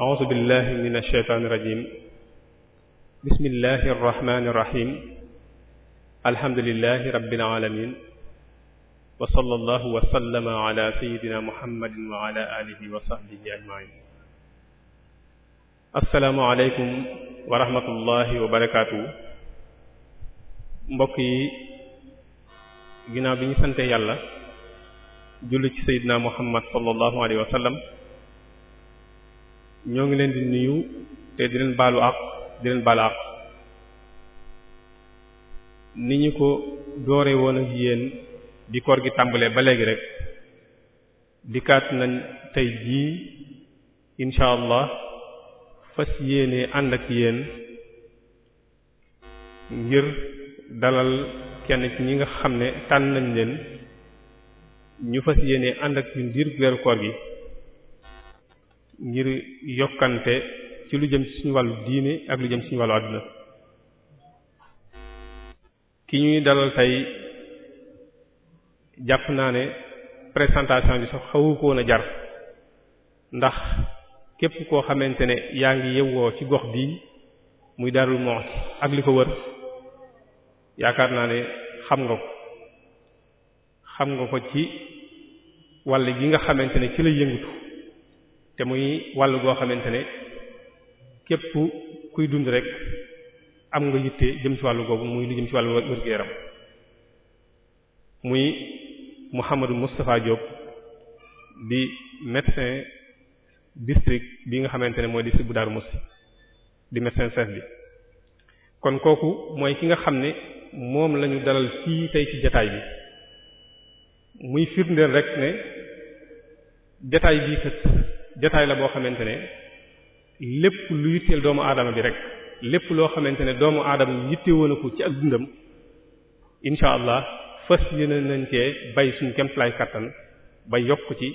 أعوذ بالله من الشيطان الرجيم بسم الله الرحمن الرحيم الحمد لله رب العالمين وصلى الله وسلم على سيدنا محمد وعلى آله وصحبه أجمعين السلام عليكم ورحمة الله وبركاته mbokk yi ginnaaw bi ñu sante yàlla julli ci Seydina Muhammad sallallahu alayhi wa sallam ñoo ngi leen di nuyu te di leen baalu àq di leen baalu àq ni ñu ko doore woon ak yéen bi koor gi tàmbalee ba léegi rek dikkaat nañ tey jii incha allah fas yéene ànd ak yéen ngir dalal kenn ci ñi nga xam ne tànn nañ leen ñu fas yéene ànd ak ñun diir weeru koor gi ngir yokkante ci lu jëm ci suñu wàllu diine ak lu jëm ci suñu wàllu àdduna ki ñuy dalal tey jàpp naa ne présentation bi sax xawu ko woon a jar ndax képp koo xamante ne yaa ngi yewwoo ci gox bii muy Darou Moukhty ak li ko wër yaakaar naa ne xam nga ko xam nga ko ci wàll gi nga xamante ne ci la yëngutu te muy wàll goo xamante ne képp kuy dund rek am nga yitte jëm ci wàllu googu muy lu jëm ci wàllu wérgu yaram muy Mouhamadou Moustapha Diop di médecin district bi nga xamante ne mooy district bu Darou Moukhty di médecin chef bi kon kooku mooy ki nga xam ne moom lañu dalal fii tey ci jataay bi muy firndeel rek ne jataay bii kat jataay la boo xamante ne lépp lu yitteel doomu aadama bi rek lépp loo xamante ne doomu aadama yitte woon ko ci ak dundam incha allah fas yéene nañ cee bay suñ kemtalaay kattan ba yokk ci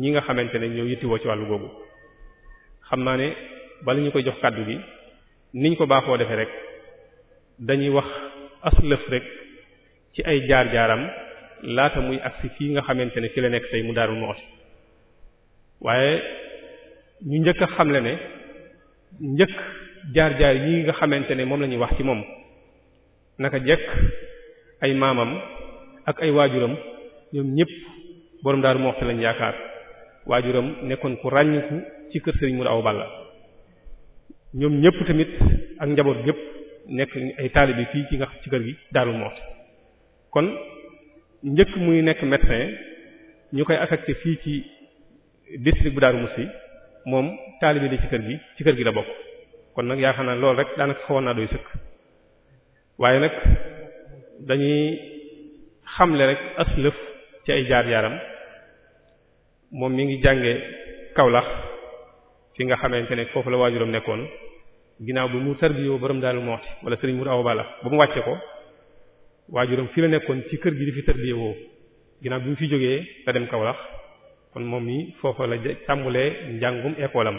ñi nga xamante ne ñoo yittewoo ci wàllu googu xam naa ne bala ñu koy jox kàddu gi niñ ko baaxoo defee rek dañuy wax aslëf rek ci ay jaar jaaram laata muy agsi fii nga xamante ne fi la nekk tey mu daarul mu waaye ñu njëkk a xamle ne njëkk jaar-jaar yi nga xamante ne moom la ñuy wax ci moom naka jekk ay maamam ak ay waajuram ñoom ñëpp borom daaru Muxti lañ yaakaar waajuram nekkoon ku ràññiku ci kër Serigne Modou Awa Balla ñoom ñëpp tamit ak njaboot gépp nekk ay taalibe fii ci nga ci kër gi daalu Muxti kon njëkk muy nekk médecin ñu koy affecté fii ci district bu Darou yi moom taalibe de ci kër gi ci kër gi la bokk kon nag yaakaar naa loolu rek daanaka xawoon naa doy sëkk waaye nag dañuy xamle rek aslëf ci ay jaar-jaaram moom mu ngi jànge Kaolack fi nga xamante ne foofu la waajuram nekkoon ginnaaw bi mu tarbiyoo borom daalu Moukhty wala sëriñ Mourou Awa Balla ba mu wàccee ko waajuram fi la nekkoon ci kër gi di fi tarbiyoo ginnaaw bi mu fi jógee la dem Kaolack kon moom mi foofa la tàmbulee njàngum école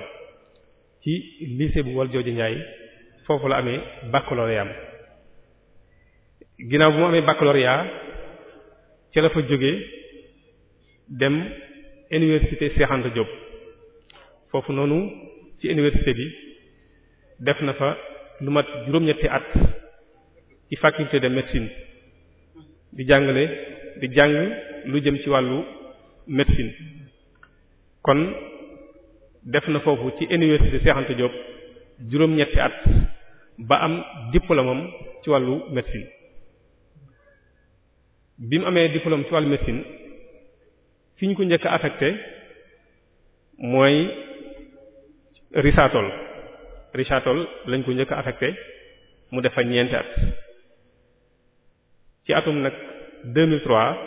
ci lycée bu Valdiodio Ndiaye foofu la amee baccalauréat ginnaaw bu mu amee baccalauréat ca la fa jógee dem université Cheikh Anta foofu noonu ci université bi def na fa lu mat juróom-ñetti at ci faculté de médecine di jàngale di jàng lu jëm ci wàllu médecine kon def na foofu ci université Cheikh Anta Diop juróom-ñetti at ba am diplôme am ci wàllu médecine bi mu amee diplôme ci wàllu médecine fi ñu ko njëkk a affecté mooy Richard-Toll Richard-Toll lañ ko njëkk a mu def ñeenti at ci atum nag 2003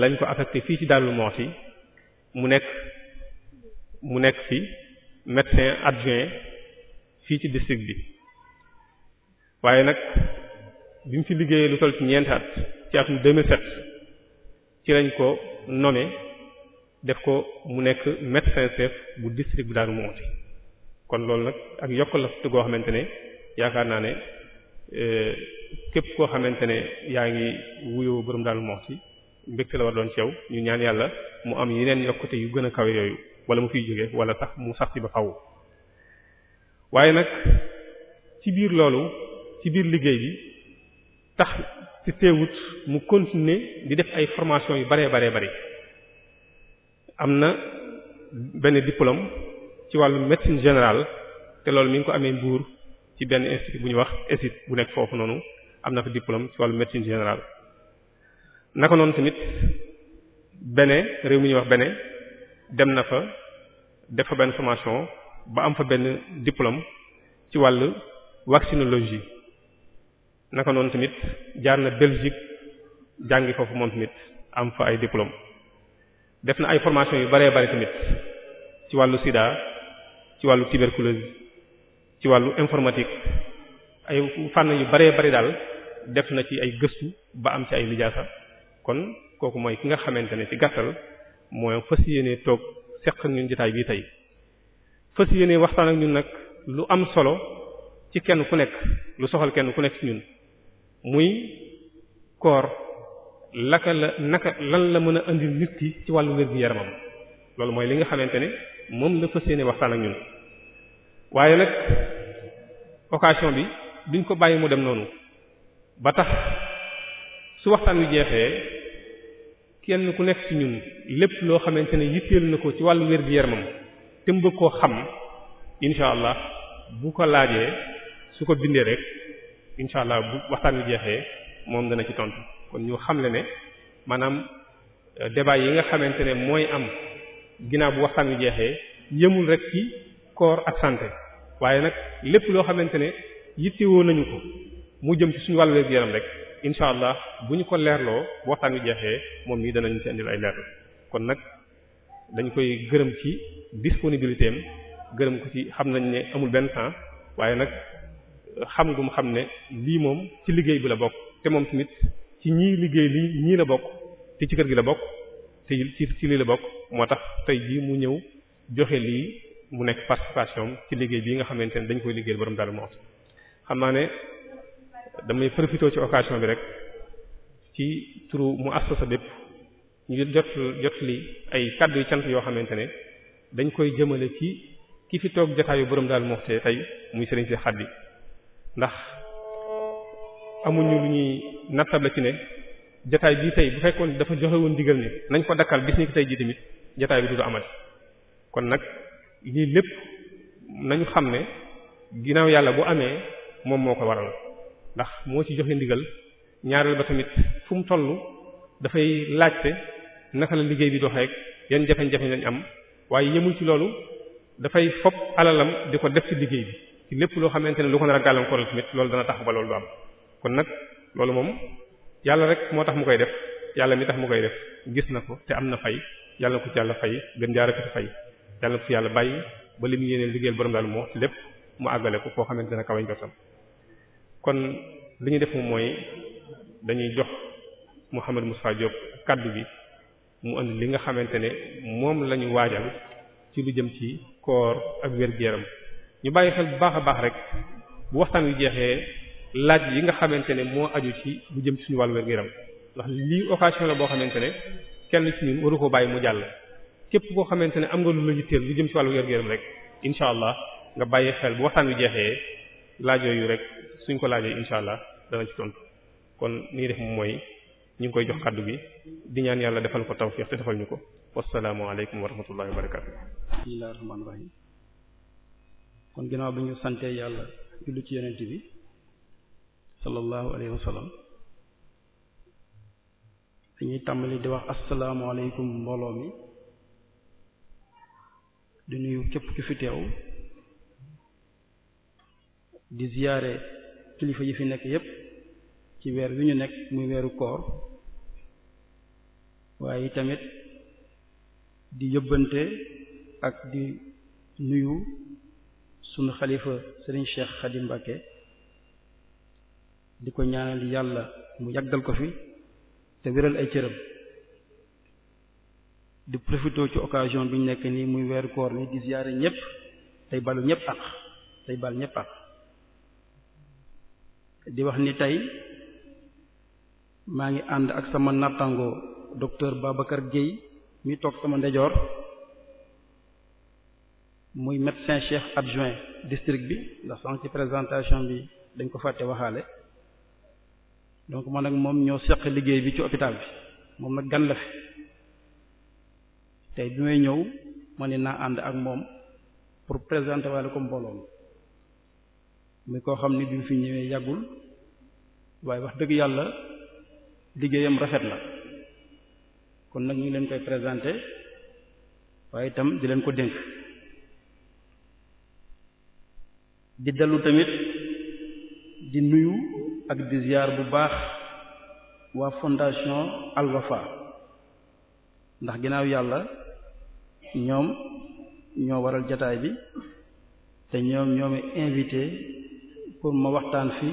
lañ ko affecté fii ci Darou yi mu nekk mu nekk fi médecin adjoint fii ci district bi waaye nag bi mu fi liggéeyee lu toll ci ñeentaat at ci atum 2007 ci lañ ko nommé def ko mu nekk médecin chef bu district bi Darou Moukhty kon loolu nag ak yokkal la goo xamante ne yaakaar naa ne euh, képp koo xamante ne yaa ngi wuyoo borom Darou Moukhty mbégte la war doon ci yow ñu ñaan yàlla mu am neen yokkute yu gën a kawe yooyu wala mu fiy jóge wala tax mu sax ci ba xaw waaye nag ci biir loolu ci biir liggéey bi tax ci teewut mu continuer di def ay formation yu bare bare bare am na benn diplôme ci wàllu médecine générale te loolu mi ngi ko amee Mbuur ci benn institut bu ñuy wax ESIT bu nekk foofu noonu am na fa diplôme ci wàllu médecine générale naka noonu tamit Bénin réew mu ñuy wax Bénin dem na fa def fa benn formation ba am fa benn diplôme ci wàll wàllu vaccinologie naka noonu tamit jaar na Belgique jàngi foofu moom tamit am fa ay diplôme def na ay formation yu bëree bëri tamit ci wàllu sida ci wàllu tuberculose ci wàllu informatique ay fànn yu baree bëri daal def na ci ay gëstu ba am ci ay lijaasa kon kooku mooy ki nga xamante ne ci gàttal mooy fas yéene toog seq ak ñun jotaay bii tey fas yéene waxtaan ak ñun nag lu am solo ci kenn ku nekk lu soxal kenn ku nekk ci ñun muy koor laka la naka lan la mën a indi nit ki ci wàllu wér-gu-yaramam loolu mooy li nga xamante ne moom la fas yéene waxtaan ak ñun waaye nag occasion bi duñ ko bàyyi mu dem noonu ba tax su waxtaan wi jeexee kenn ku nekk ci ñun lépp loo xamante ne yitteel na ko ci wàllu wér gu yaramam te mu bëgg koo xam incha allah bu ko laajee su ko bindee rek incha allah bu waxtaan bi jeexee moom dana ci tontu kon ñu xamle ne maanaam euh, débat yi nga xamante ne mooy am ginaaw bu waxtaan bi jeexee yëmul rek ci corps ak santé waaye nag lépp loo xamante ne yittewoo nañu ko mu jëm ci suñu wàllu wér gu yaram rek. incha allah bu ñu ko leerloo waxtaan wi jeexee moom nii danañu ci indil ay leerlu kon nag dañ koy gërëm ci disponibilité am gërëm ko ci xam nañ ne amul benn temps waaye nag xam gum xam ne lii moom ci liggéey bi la bokk te moom tamit ci ñii liggéey lii ñii la bokk te ci kër gi la bokk te ci ci lii la bokk moo tax tey jii mu ñëw joxe lii mu nekk participation ci liggéey bii nga xamante ne dañ koy liggéey borom daal moo xam naa ne damay profité ci occasion bi rek ci turu mu assasa bépp ñu jot jot li ay kàddu yu cant yoo xamante ne dañ koy jëmale ci ki fi toog jataayu borom daal moo tey tey muy sëriñ si xaddi ndax amuñu lu ñuy la ci ne jataay bii tey bu fekkoon dafa joxe woon digal ni nañ ko dakkal bi ni ko tey ji tamit jataay bi du amati kon nag lii lépp nañu xam ne ginnaaw yàlla bu amee moom moo ko waral ndax moo ci joxe ndigal ñaareel ba tamit fu mu toll dafay laajte naka la liggéey bi doxeek yan jafe-jafe lañ am waaye yemul ci loolu dafay fop alalam di ko def ci liggéey bi ci lépp loo xamante ne lu ko nar a gàllankoor tamit loolu dana tax ba loolu du am kon nag loolu moom yàlla rek moo tax mu koy def yàlla mi tax mu koy def gis na ko te am na fay yàlla na ko ci yàlla fay gën jaaraka ci fay yàlla na ko ci yàlla bàyyi ba li mu yéene liggéeyal borom daal moo lépp mu àggale ko foo xamante ne kawañ ko tam kon li ñu def moom mooy dañuy jox Mouhamed Moussa Diop kàddu bi mu andi li nga xamante ne moom la ñu waajal ci lu jëm ci koor ak wér-gu-yaram ñu bàyyi xel bu baax a baax rek bu waxtaan wi jeexee laaj yi nga xamante ne moo aju ci lu jëm ci suñu wàll wér-gu-yaram ndax lii occasion la boo xamante ne kenn ci waru ko bàyyi mu jàll képp koo xamante ne am nga lu la yitteel lu jëm ci wàllu wér-gu-yaram rek incha allah nga bàyyi xel bu waxtaan wi jeexee laaj yooyu rek. suñ ko laajee incha allah dana ci tontu kon nii def mooy ñu ngi koy jox kàddu gi di ñaan yàlla defal ko tawfiq te defal ñu ko wassalaamu aleykum wa rahmatullahi wa barakaatu bismillahir rahmanir rahim kon ginnaaw bi ñu santee yàlla jullu ci yonent bi sallallahu alayhi wa sallam dañuy tàmbali di wax assalaamu aleykum mbooloo mi di nuyu képp ki di ziyaare kilifa yi fi nekk yépp ci weer wi ñu nekk muy weeru koor waaye tamit di yëbbante ak di nuyu sunu xalifa sëriñ Cheikh Khadim Mbacké di ko ñaanal yàlla mu yàggal ko fi te wéral ay cëram di profité ci occasion bi nekk nii muy weeru koor ni di ziyaare ñépp tey balu ñépp ak tey bal ñépp ak di wax ni tey maa ngi ànd ak sama nattango docteur Babacar Guèye mi toog sama ndejoor muy médecin chef adjoint district bi ndax sànq ci présentation bi dañ ko fàtte waxaale donc man ak moom ñoo seq liggéey bi ci hôpital bi moom nag gan la fi tey bi may ñëw ma ne naa ànd ak moom pour présenter waale ko mbooloo mi koo xam ni bi mu fi ñëwee yàggul waaye wax dëgg yàlla liggéeyam rafet la kon nag ñu leen koy présenté waaye itam di leen ko dénk di dellu tamit di nuyu ak di bu baax waa fondation Al ndax ginnaaw yàlla ñoom ñoo waral jataay bi te ñoom ñoomi invité pour ma waxtaan fii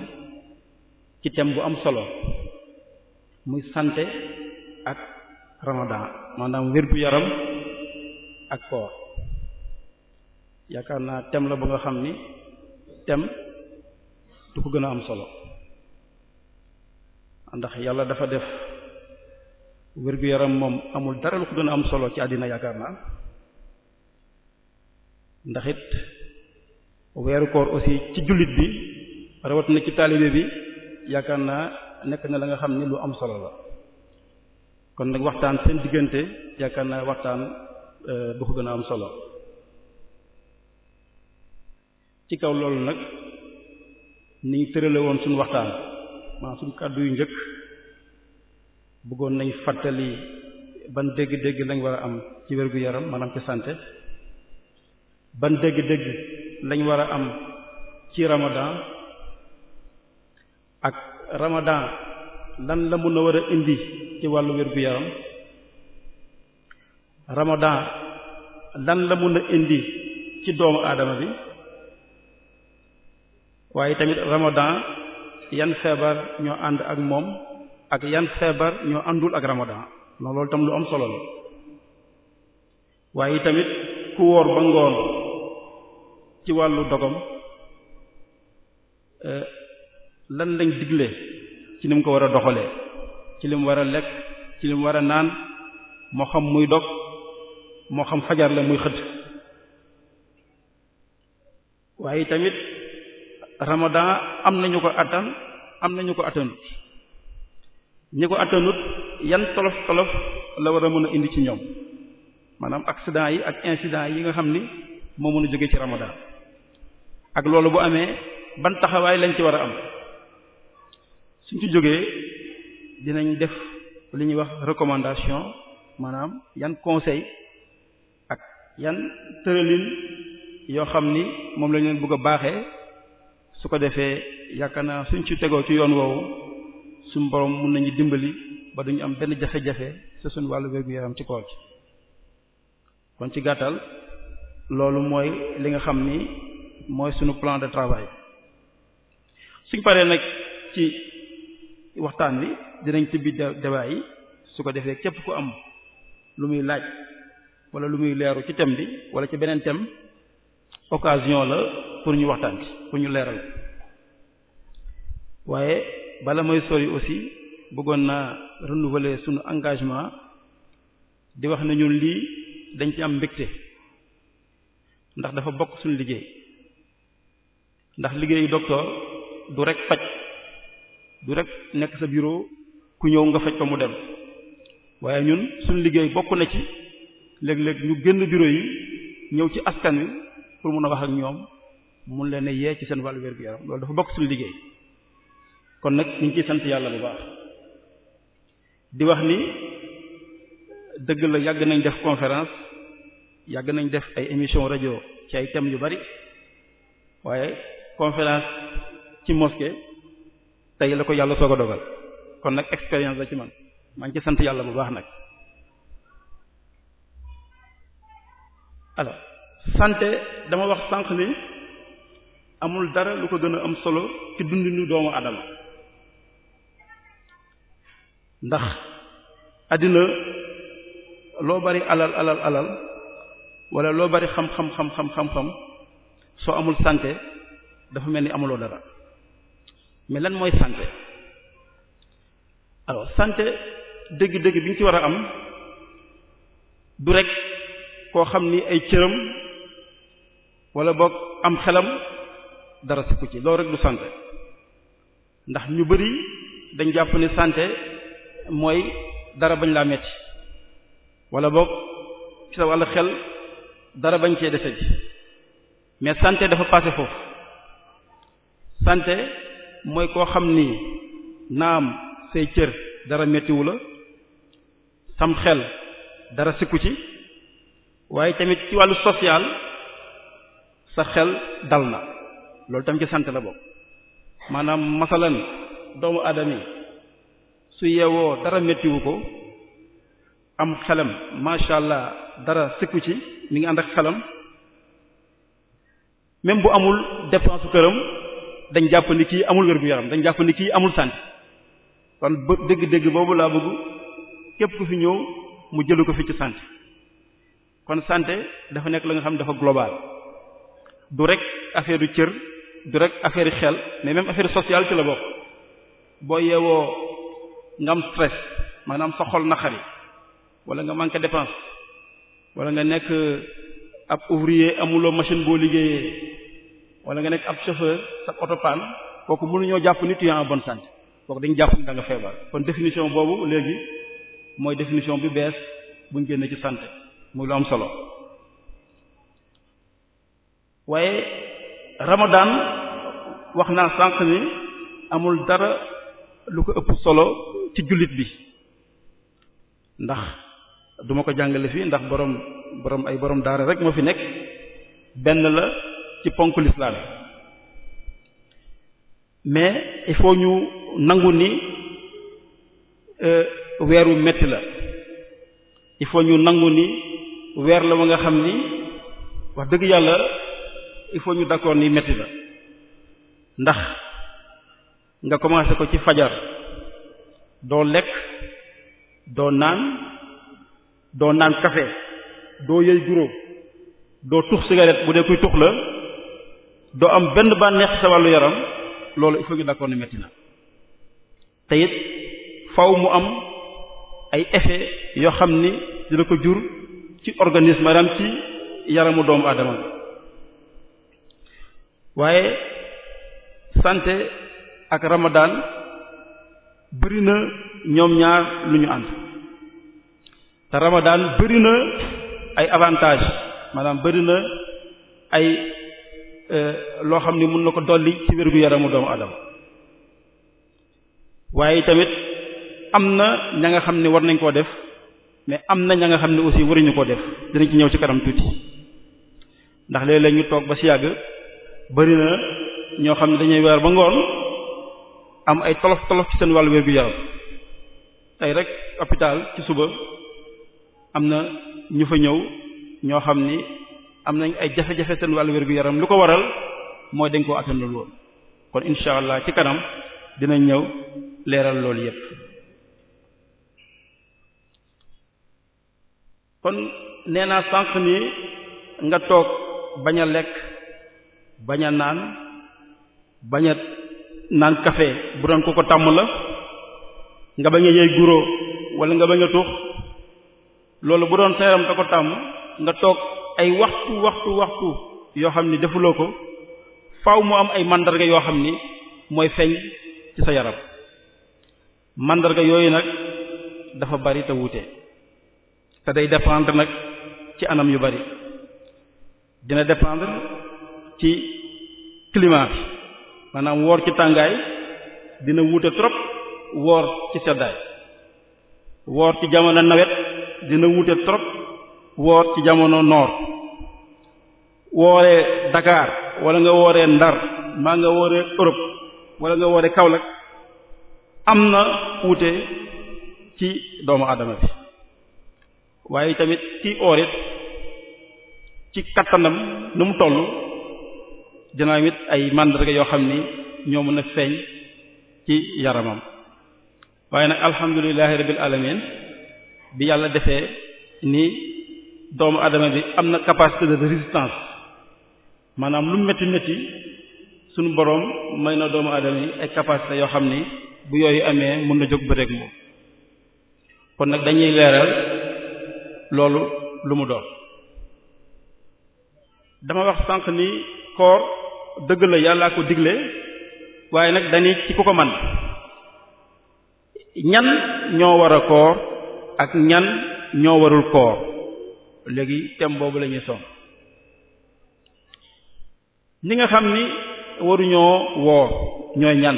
ci tem bu am solo muy sante ak ramadan maanaam wérgu yaram ak koor yaakaar naa thème la bu nga xam ni tem du ko gën a am solo ndax yàlla dafa def wérgu yaram moom amul dara lu ko gën a am solo ci àddina yaakaar naa ndax weeru koor aussi ci jullit bi rawat na ci taalibe bi yaakaar naa nekk na la nga xam ni lu am solo la kon nag waxtaan seen diggante yaakaar naa waxtaan bu euh, ko gën am solo ci kaw loolu nag ni ñu tërale woon suñu waxtaan maanaam suñ kàddu yu njëkk bëggoon nañ fàttali ban dégg-dégg lañ war a am ci wér-gu-yaram maanaam ci sante ban dëgg-dëgg lañ war a am ci ramadan ak ramadan lan la mën a war a indi ci wàllu wér-gu-yaram ramadan lan la mun a indi ci doomu aadama bi waaye tamit ramadan yan feebar ñoo ànd ak moom ak yan feebar ñoo àndul ak ramadan loolu tam lu am solo la waaye tamit ku woor ba ngoon ci wàllu dogam euh, lan lañ digle ci ni ko war a doxalee ci li war a lekk ci li war a naan moo xam muy dog moo xam fajar muy xëdd waaye tamit ramadan am nañu ko attan am nañu ko attanut ñi ko attanut yan tolof tolof la war a mën a indi ci ñoom maanaam accident yi ak incident yi nga xam ni moo mën a jóge ci ramadan ak loolu bu amee ban taxawaay lañ ci war a am suñ ci jógee dinañ def li ñuy wax recommandation maanaam yan conseil ak yan tëralin yoo xam ni moom lañ leen bugg a baaxee su ko defee yaakaar naa suñ ci tegoo ci yoon woowu su borom mun nañu dimbali ba duñu am benn jafe-jafe ci suñ wàllu wér yaram ci koor gi kon ci gàttal loolu mooy li nga xam ni mooy sunu plan de travail suñ paree nag ci waxtaan wi dinañ tibbi débat yi su ko defee képp ku am lu muy laaj wala lu muy leeru ci thème bi wala ci beneen thème occasion la pour ñu waxtaan ci pour ñu leeral waaye bala mooy sori aussi bëggoon naa renouveler suñu engagement di wax nañu lii dañ ci am mbégte ndax dafa bokk suñu liggéey ndax liggéeyu docteur du rek faj du rek nekk sa bureau ku ñëw nga faj ko mu dem waaye ñun suñu liggéey bokk na ci léeg-léeg ñu génn bureau yi ñëw ci askan wi pour mun a wax ak ñoom mun leen a yee ci seen wàllu wér gu yaram loolu dafa bokk suñu liggéey kon nag ñu ngi ciy sant yàlla bu baax di wax ni dëgg la yàgg nañ def conférence yàgg nañ def ay émission rajo ci ay thèmes yu bari waaye conférence ci mosquée tey la ko yàlla soo ko dogal kon nag expérience la ci man maa ngi ci sant yàlla bu baax nag alors santé dama wax sànq ni amul dara lu ko gën a am solo ci dundinu doomu adama ndax àddina loo bari alal alal alal wala loo bari xam xam xam xam xam xam soo amul sante dafa mel ni amuloo dara mais lan mooy santé alors santé dëgg-dëgg bi ñu ci war a am du rek koo xam ni ay cëram wala boog am xelam dara sikku ci loolu rek du santé ndax ñu bari dañ jàpp ni santé mooy dara bañ laa metti wala boog ci sa wàllu xel dara bañ cee dese ji mais santé dafa passé foofu santé mooy koo xam ni naam say cër dara méttiwu la sam xel dara sikku ci waaye tamit ci wàllu social sa xel dal na loolu tam ci santé la bokk maanaam masalan doomu aadama su yeewoo dara méttiwu ko am xelam macha allah dara sikku ci mi ngi ànd ak xelam même bu amul dépense këram dañ jàpp kii amul wér gu yaram dañ jàpp ni kii amul santé kon ba dégg-dégg boobu laa bëgg képp ku fi ñëw mu jëlu ko fi ci santé kon santé dafa nekk la nga xam ne dafa global du rek affaire du cër du rek affaire xel mais même affaire sociale ci la bokk boo yewoo nga am stress maanaam sa xol naqari wala nga manque dépense walla nga nekk ab ouvrier amuloo machine boo liggéeyee wala nga nekk ab chauffeur sa oto panne kooku mënuñoo jàpp ni tu es en bonne santé kooku dañu jàpp ni da nga feebar kon définition boobu léegi mooy définition bi bees buñ génne ci santé muy lu am solo waaye ramadaan wax naa sànq ni amul dara lu ko ëpp solo ci jullit bi ndax duma ko jàngale fii ndax borom borom ay borom daara rek moo fi nekk benn la. ci ponk l'islam mais il faut ñu nangu ni euh, weer wu metti la il faut ñu nangu ni weer la wa nga xam ni wax dëgg yàlla il faut ñu d'accord ni metti la ndax nga commencé ko ci fajar doo lekk doo naan doo naan café doo yëy guro doo tux cigarette bu dee kuy tux la doo am benn bànneex sa wàllu yaram loolu il faut ñu d'accord metti na te faw mu am ay efe yoo xam ni dina ko jur ci organisme ci yaramu doomu aadama waaye santé ak ramadan bëri na ñoom ñaar lu ñu ànd te ramadan bëri na ay avantages maanaam bëri na ay Eh, loo xam ni mën na ko dolli ci wérgu yaramu doomu adama waaye tamit am na ña nga xam ne war nañ koo def mais am na ña nga xam ne aussi waruñu koo def dinañ ci ñëw ci kanam tuuti ndax léeg ñu toog ba si yàgg bari na ñoo xam ne dañuy weer ba ngoon am ay tolof tolof ci seen wàllu wérgu yaram tey rek hôpital ci suba am na ñu fa ñëw ñoo xam ni am nañ ay jafe-jafe seen wàllu wér yaram lu ko waral mooy dañ koo attanul woon kon incha allah ci kanam dinañ ñëw leeral loolu yépp kon nee naa sànq ni nga toog bañ a lekk bañ a naan bañ a naan kafe bu doon ko ko tàmm la nga bañ a yey guro wala nga bañ a tuux loolu bu doon seeram da ko tàmm nga toog ay waxtu waxtu waxtu yoo xam ni defuloo ko faw mu am ay mandarga yoo xam ni mooy feeñ ci sa yaram màndarga yooyu nag dafa bari te wuute te day dépendre nag ci anam yu bari dina dépendre ci climat bi maanaam woor ci tàngaay dina wuute trop woor ci seddaay woor ci jamono nawet dina wuute trop woor ci jamono noor wooree Dakar wala nga wooree Ndar maa nga wooree Europe wala nga wooree Kaolack am na wuute ci doomu aadama bi waaye tamit ci oor it ci kattanam nu mu toll dinaa mit ay màndarga yoo xam ni ñoo mën a feeñ ci yaramam waaye nag alhamdulillahi rabbil alamin bi yàlla defee ni doomu adama bi am na capacité de résistance maanaam lu métti métti suñu boroom may na doomu adama yi ay capacité yoo xam ni bu yooyu amee mën na jóg bëreeg moom kon nag dañuy leeral loolu lu mu doon dama wax sànq ni koor dëgg la yàllaa ko digle waaye nag dañuy ci ku ko man ñan ñoo war a koor ak ñan ñoo warul koor léegi tem boobu la ñuy sonn ñi nga xam ni waruñoo woor ñooy ñan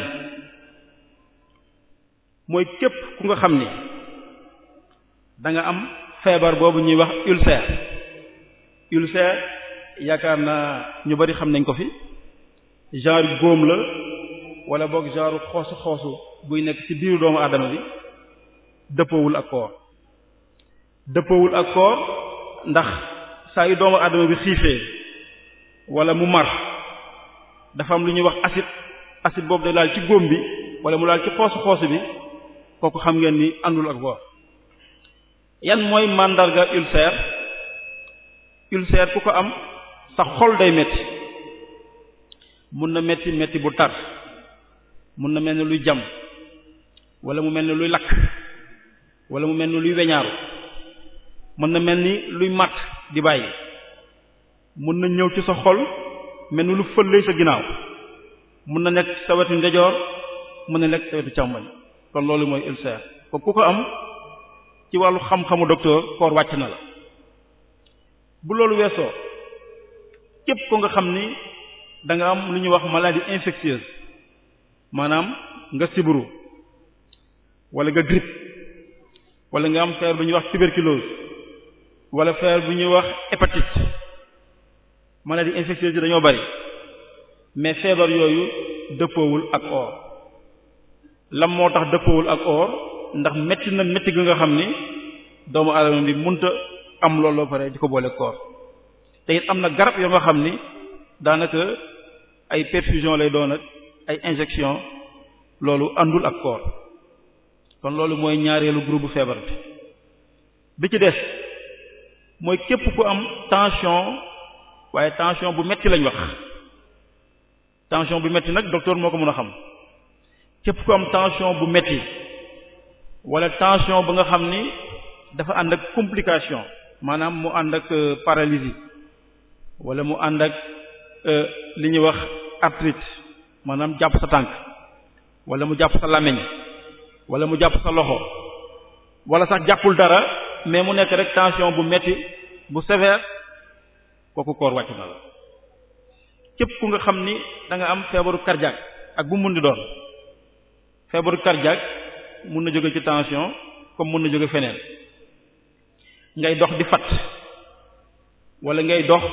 mooy képp ku nga xam ni danga am feebar boobu ñuy wax ulcère ulcère yaakaar na ñu bari xam nañ ko fi genre góom la wala boog genre xoosu xoosu buy nekk ci biiru doomu aadama bi dëppawul ak koor dëppawul ak koor ndax saa yu doomu aadama bi xiifee wala mu mar dafa am lu ñuy wax acide acide boobu day laal ci góom bi wala mu laal ci xoosu xoos bi kooku xam ngeen ni àndul ak woor yan mooy màndarga ulcère ulcère ku ko am sa xol day metti mun na metti metti bu tar mun na mel ni luy jam wala mu mel ni luy lakk walla mu mel ni luy weñaaru mën na mel ni luy màtt di bàyyi mën na ñëw ci sa xol mel ni lu fëllee sa ginnaaw mën na nekk sa wetu ndejoor mën na nekk sa wetu càmmoñ kon loolu mooy ulcère ko ku ko am ci wàllu xam-xamu docteur koor wàcc na la bu loolu weesoo képp ko nga xam ni danga am lu ñuy wax maladie infectieuse maanaam nga siburu wala nga grippe wala nga am feebar bu ñuy wax tuberculose wala feebar bu ñuy wax hépatite maladie infectieuse yi dañoo bari mais feebar yooyu dëppoowul ak or lan moo tax dëppoowul ak or ndax métti na métti gi nga xam ni doomu aadama bi munta am loolu loo pare di ko boole koor te it am na garab yoo nga xam ni daanaka ay perfusion lay doon ak ay injection loolu àndul ak koor kon loolu mooy ñaareelu groupe feebar bi bi ci des mooy képp ku am tension waaye tension bu metti lañ wax tension bu metti nag docteur moo ko mën a xam képp ku am tension bu metti wala tension ba nga xam ni dafa ànd ak complication maanaam mu ànd ak euh, paralysie wala mu ànd ak euh, li ñuy wax arthrite maanaam jàpp sa tànk wala mu jàpp sa làmmiñ wala mu jàpp sa loxo wala sax jàppul dara mais mu nekk rek tension bu metti bu sévère kooku koor wàcc na la képp ku nga xam ni da nga am feebaru cardiaque ak bu mun di doon feebaru cardiaque mun na jóge ci tension comme mun na jóge feneen ngay dox di fat wala ngay dox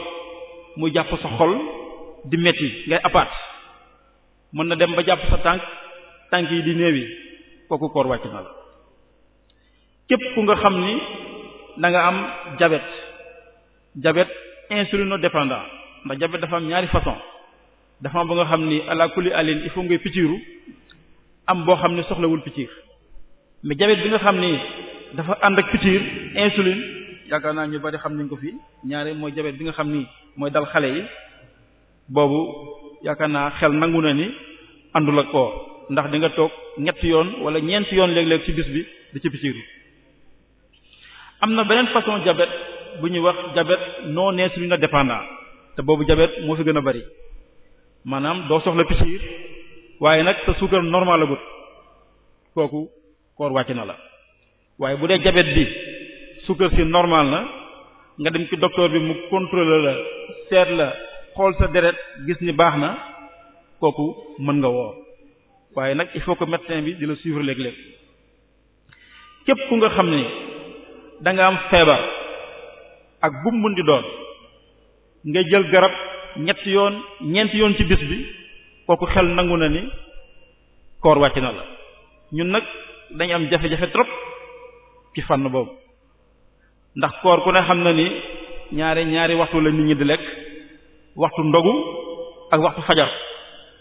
mu jàpp sa xol di metti ngay apaat mën na dem ba jàpp sa tànk tànk yi di néewi kooku koor wàcc na la képp ku nga xam ni da nga am diabète diabète insulinodépendant ndax diabète dafa am ñaari façon dafa am ba nga xam ni ala kulli alin il faut ngay picciru am boo xam ne soxlawul piccir mais diabète bi nga xam ni dafa ànd ak piccir insuline yaakaar naa ñu bari xam nañ ko fi ñaari mooy diabète bi nga xam ni mooy dal xale yi boobu yaakaar naa xel nangu na ni àndul ak koor ndax di nga toog ñetti yoon wala ñeenti yoon léeg-léeg ci bis bi di ci piccir am na beneen façon diabète bu ñuy wax diabète non insuline dépendant te boobu jabet moo fi gën a bari maanaam doo soxla piqûre waaye nag sa suukar normal la gut kooku koor wàcc na la waaye bu dee diabète bi suukar si normal na nga dem ci docteur bi mu contrôler la seet la xool sa deret gis ni baax na kooku mën nga woor waaye nag il faut que médecin bi di la suivre léeg-léeg képp ku nga xam ni danga am feebar ak bu mu di doon ngay jël garab ñett yoon ñeenti yoon ci bis bi kooku xel nangu na ni koor wàcc na la ñun nag dañ am jafe-jafe trop ci fànn boobu ndax koor ku ne xam na ni ñaari ñaari waxtu la nit ñi di lekk waxtu ndogu ak waxtu fajar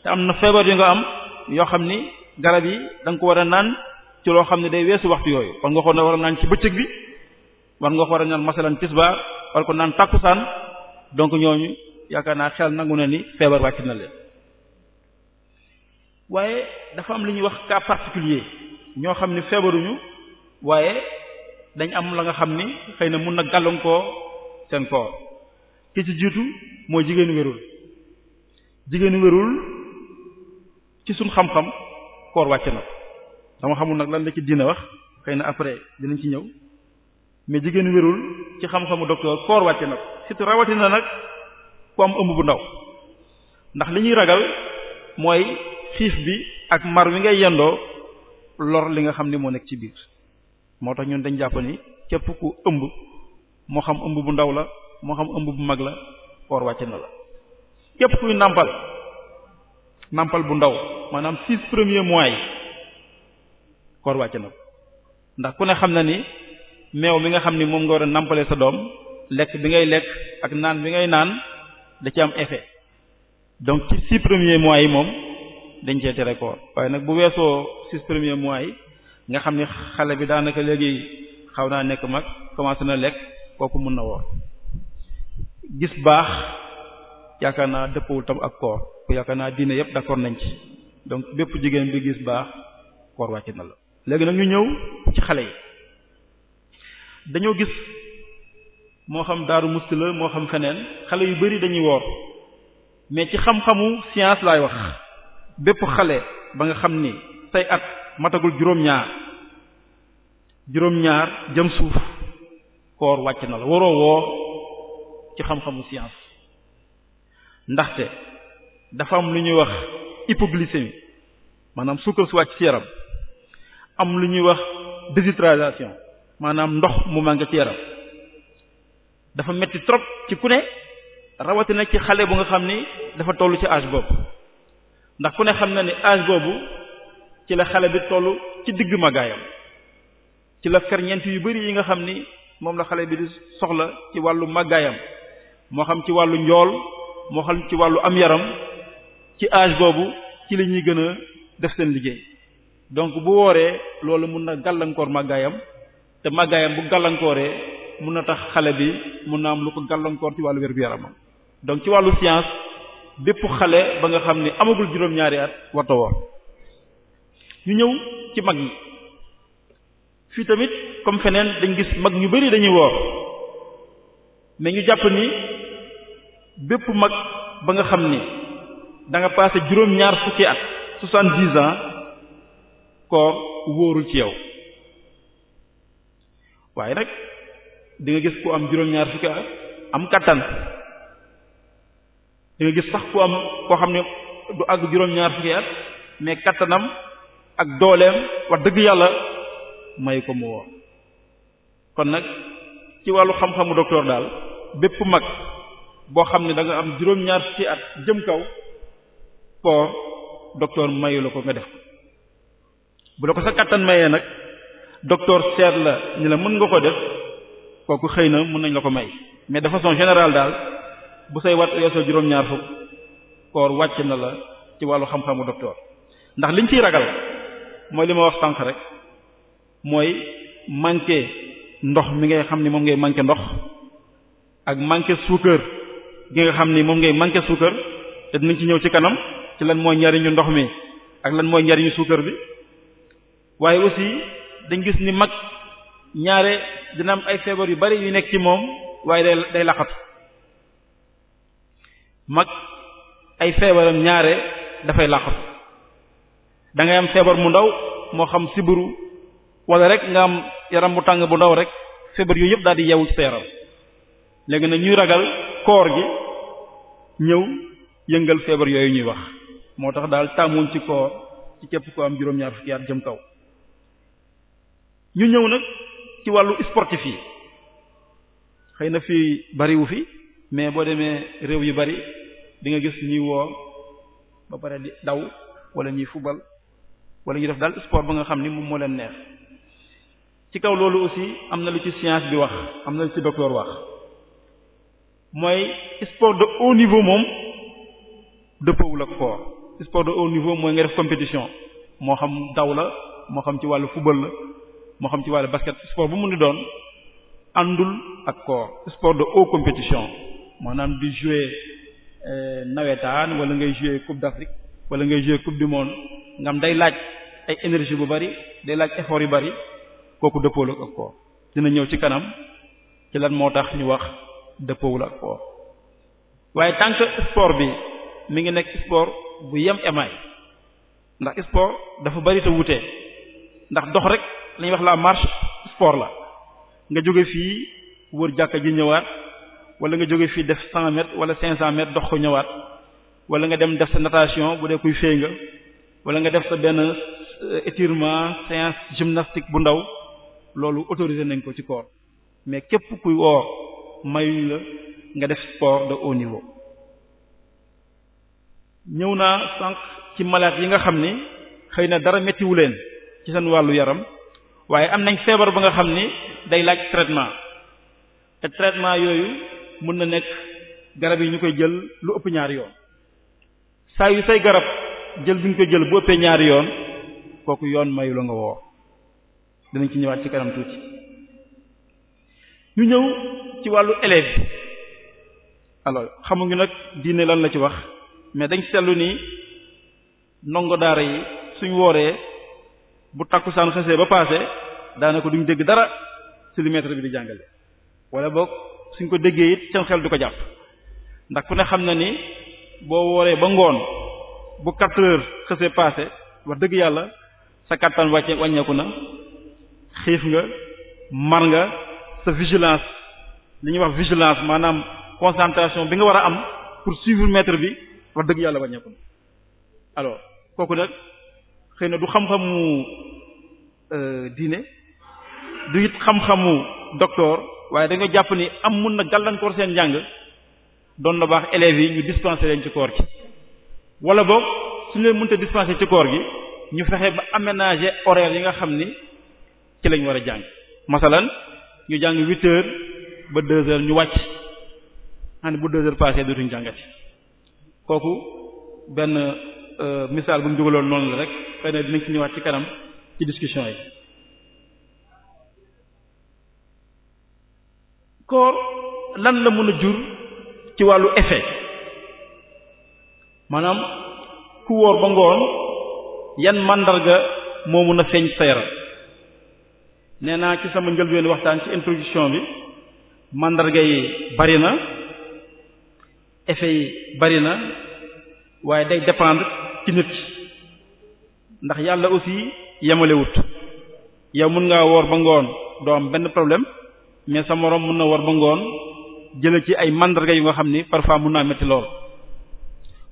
te am na feebar yu nga am yoo xam ni garab yi da ko war a naan ci loo xam ne day weesu waxtu yooyu kon nga xool war a naan ci bëccëg bi war nga ko war a naan masalan tisbaar war ko naan takkusaan donc ñooñu yaakaar naa xel nangu na ni feebar wàcc na leen waaye dafa am lu ñuy wax cas particulier ñoo xam ni feebaruñu waaye dañ am la nga xam ni xëy na mun na gàllankoo seen koor ki ci jiitu mooy jigéenu wérul jigéenu wérul ci suñ xam-xam koor wàcc na dama xamul nag lan la ci diina wax xëy na après dinañ ci ñëw mais jigéen wérul ci xam-xamu docteur koor wàcce na ko surtout rawatina nag ku am ëmb bu ndaw ndax li ñuy ragal mooy xiif bi ak mar wi ngay yendoo lor li nga xam ni moo nekk ci biir moo tax ñun dañ jàpp ni képp ku ëmb moo xam ëmb bu ndaw la moo xam ëmb bu mag la koor wàcce na la képp kuy nàmpal nàmpal bu ndaw maanaam six premiers mois yi koor wàcce na ko ndax ku ne xam na ni meew mi nga xam ni moom nga war a nàmpale sa doom lekk bi ngay lekk ak naan bi ngay naan da ci am effet donc ci six premiers mois yi moom dañ cee tere koor waaye nag bu weesoo six premier mois yi nga xam ni xale bi daanaka léegi xaw naa nekk mag commencé na lekk kooku mën na woon gis baax yaakaar naa dëppawul tam ak koor ku yaakaar naa diine yëpp d'accord nañ ci donc bépp jigéen bi gis baax koor wàcc na la léegi nag ñu ñëw ci xale yi dañoo gis moo xam daaru musti la moo xam feneen xale yu bari dañuy woor mais ci xam-xamu science laay wax bépp xale ba nga xam ni say at matagul juróom-ñaar juróom-ñaar jëm suuf koor wàcc na la waroo woor ci xam-xamu science ndaxte dafa am lu ñuy wax hypoglycémie maanaam suukar su wàcc ci yaram am lu ñuy wax déshydratation maanaam ndox mu manqué ci yaram dafa metti trop ci ku ne rawatina ci xale bu nga xam ni dafa toll ci âge boobu ndax ku ne xam na ni âge boobu ci la xale bi tollu ci diggu magaayam ci la ferñeent yu bari yi nga xam ni moom la xale bi di soxla ci wàllu màggaayam moo xam ci wàllu njool moo xam ci wàllu am yaram ci âge boobu ci la ñuy gën a def seen liggéey donc bu wooree loolu mun na gàllankoor màggaayam te màggaayam bu gàllankooree mun a tax xale bi mun na am lu ko gàllankoor ci wàllu wér-gu-yaramam donc ci wàllu science bépp xale ba nga xam ni amagul juróom-ñaari at warta woor ñu ñëw ci mag yi fii tamit comme feneen dañ gis mag ñu bari dañuy woor mais ñu jàpp ni bépp mag ba nga xam ni danga nga passé juróom-ñaar fukki at soixante-dix ans koor wóorul ci yow waaye nag di nga gis ku am juróom-ñaar fukki at am kattan di nga gis sax ku am koo xam ne du àgg juróom-ñaar fukki at mais kattanam ak dooleem wax dëgg yàlla may ko mu woor kon nag ci wàllu xam-xamu docteur daal bépp mag boo xam ne danga am juróom-ñaar fukki at jëm kaw koor docteur mayu la ko nga def bu la ko sa kattan mayee nag docteur seet la ñu la mën nga koo def kooku xëy na mën nañ la ko may mais de façon général daal bu say wat weesoo juróom-ñaar fukk koor wàcc na la ci wàllu xam-xamu docteur ndax liñ ciy ragal mooy li ma wax sànq rek mooy manqué ndox mi ngay xam ni moom ngay manqué ndox ak manqué suukar gi nga xam ni moom ngay manqué suukar te dinañ ci ñëw ci kanam ci lan mooy njariñu ndox mi ak lan mooy njariñu suukar bi waaye aussi dañ gis ni mag ñaare dina am ay feebar yu bari yu nekk ci moom waaye day day laqatu mag ay feebaram ñaare dafay laqatu da am feebar mu ndaw moo xam sibiru wala rek nga am yaram bu tàng bu ndaw rek feebar yooyu yëpp daal di yeewu ci sa yaram léegi nag ñuy ragal koor gi ñëw yëngal feebar yooyu ñuy wax moo tax daal tàmmuñ ci koor ci képp ko am juróom-ñaar fukki at jëm kaw ñu ñëw nag ci wàllu sportif yi xëy na fii bariwu fi mais boo demee réew yu bari di nga gis ñuy woo ba pare di daw wala ñuy football walla ñuy def daal sport ba nga xam ni moom moo leen neex ci kaw loolu aussi am na lu ci science bi wax am na lu ci docteur wax mooy sport de haut niveau moom dëppawul ak sport sport de haut niveau mooy nga def compétition moo xam daw la moo xam ci wàllu football la moo xam ci wàllu basket sport bu mu ni doon àndul ak koor sport de haute compétition maanaam di jouer euh, nawetaan wala ngay jouer coup d'Afrique wala ngay jouer coupe du monde ngam day laaj ay énergie bu bari day laaj effort yu bari kooku dëppoowul ak koor dina ñëw ci kanam ci lan moo tax ñu wax dëppoowul ak koor waaye tant que sport bi mi ngi nekk sport bu yem emaay ndax sport dafa bari te wuute ndax dox rek li wax la marche sport la nga jóge fii wër jàkka ji ñëwaat wala nga jóge fii def cent mètres wala cinq cent mètres dox ko ñëwaat wala nga dem def sa natation bu dee kuy féey nga wala nga def sa benn euh, étirement séance gymnastique bu ndaw loolu autorisé nañ ko ci koor mais képp kuy woor mayuñu la nga def sport de au niveau ñëw naa sànq ci malaat yi nga xam ni xëy na dara méttiwu leen ci seen wàllu yaram waaye am nañ feebar ba nga xam ni day laaj traitement te traitement yooyu mën na nekk garab yi ñu koy jël lu ëpp ñaari yoon saa yu say garab jël bi ñu ko jël bu ëppee ñaari yoon kooku yoon mayu la nga woor dinañ ci ñëwaat ci kanam tuuti ñu ñëw ci wàllu élèves alors xamuñu nag diine lan la ci wax mais dañ seetlu ni ndongo daara yi suñ wooree bu takkusaan xesee ba paase daanaka duñu dégg dara ci bi di jàngale wala boo suñ ko déggee it seen xel du ko jàpp ndax ku ne xam na ni boo wooree ba ngoon bu quatre heures xesee paase wax dëgg yàlla sa kattan wàcce wàññeeku na xiif nga mar nga sa vigilance li ñuy wax vigilance maanaam concentration bi nga war a am pour suivre maître bi wax dëgg yàlla wàññeeku na alors kooku nag. xëy na du xam-xamu euh, diine du it xam-xamu docteur waaye danga jàpp ni am mun na gàllankoor seen njàng doon na baax élèves yi ñu dispenser leen ci koor gi wala boog suñu leen mënta dispenser ci koor gi ñu fexe ba aménager horaire yi nga xam ni ci lañ war a jàng masalan ñu jàng huit heures ba deux heures ñu wàcc xam ne bu deux heures passées dootuñu jàngati kooku benn euh, misaal bu mu jógaloon noonu la rek xëy na dinañ ci ci kanam ci discussion yi koor lan la mën a jur ci wàllu effet maanaam ku wóor ba ngoon yan màndarga moo mën a feeñ sa yaram nee naa ci sama njëlbéenu waxtaan ci introduction bi màndarga yi bari na effet yi bari na waaye day dépendre ci nit ndax yàlla aussi yemalewut yow mun ngaa woor ba ngoon doo am benn problème mais sa moroom mun na woor ba ngoon jële ci ay màndarga yu nga xam ni parfois mun naa metti lool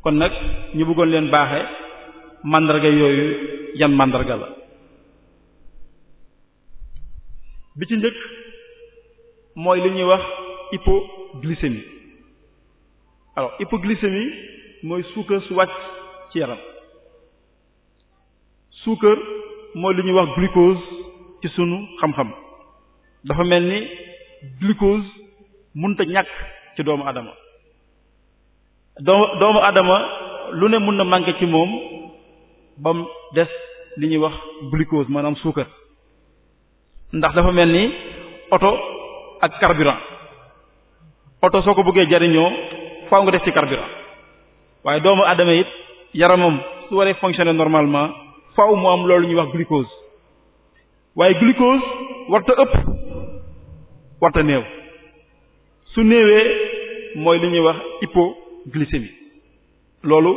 kon nag ñu bëggoon leen baaxe màndarga yooyu yan màndarga la bi ci njëkk mooy li ñuy wax hypoglycémie alors hypoglycémie mooy suukar su wàcc ci yaram suukar mooy lu ñuy wax glucose ci sunu xam-xam dafa mel ni glucose mënta ñàkk ci doomu adama doomu doomu adama lu ne mën na manqué ci moom bam des li ñuy wax glucose maanaam suukar ndax dafa mel ni oto ak carburant oto soo ko bëggee jariñoo faaw nga def ci carburant waaye doomu adama it yaramam su waree fonctionner normalement faaw mu am loolu ñuy wax glucose waaye glucose warta ëpp warta néew su néewee mooy li ñuy wax hypoglycémie loolu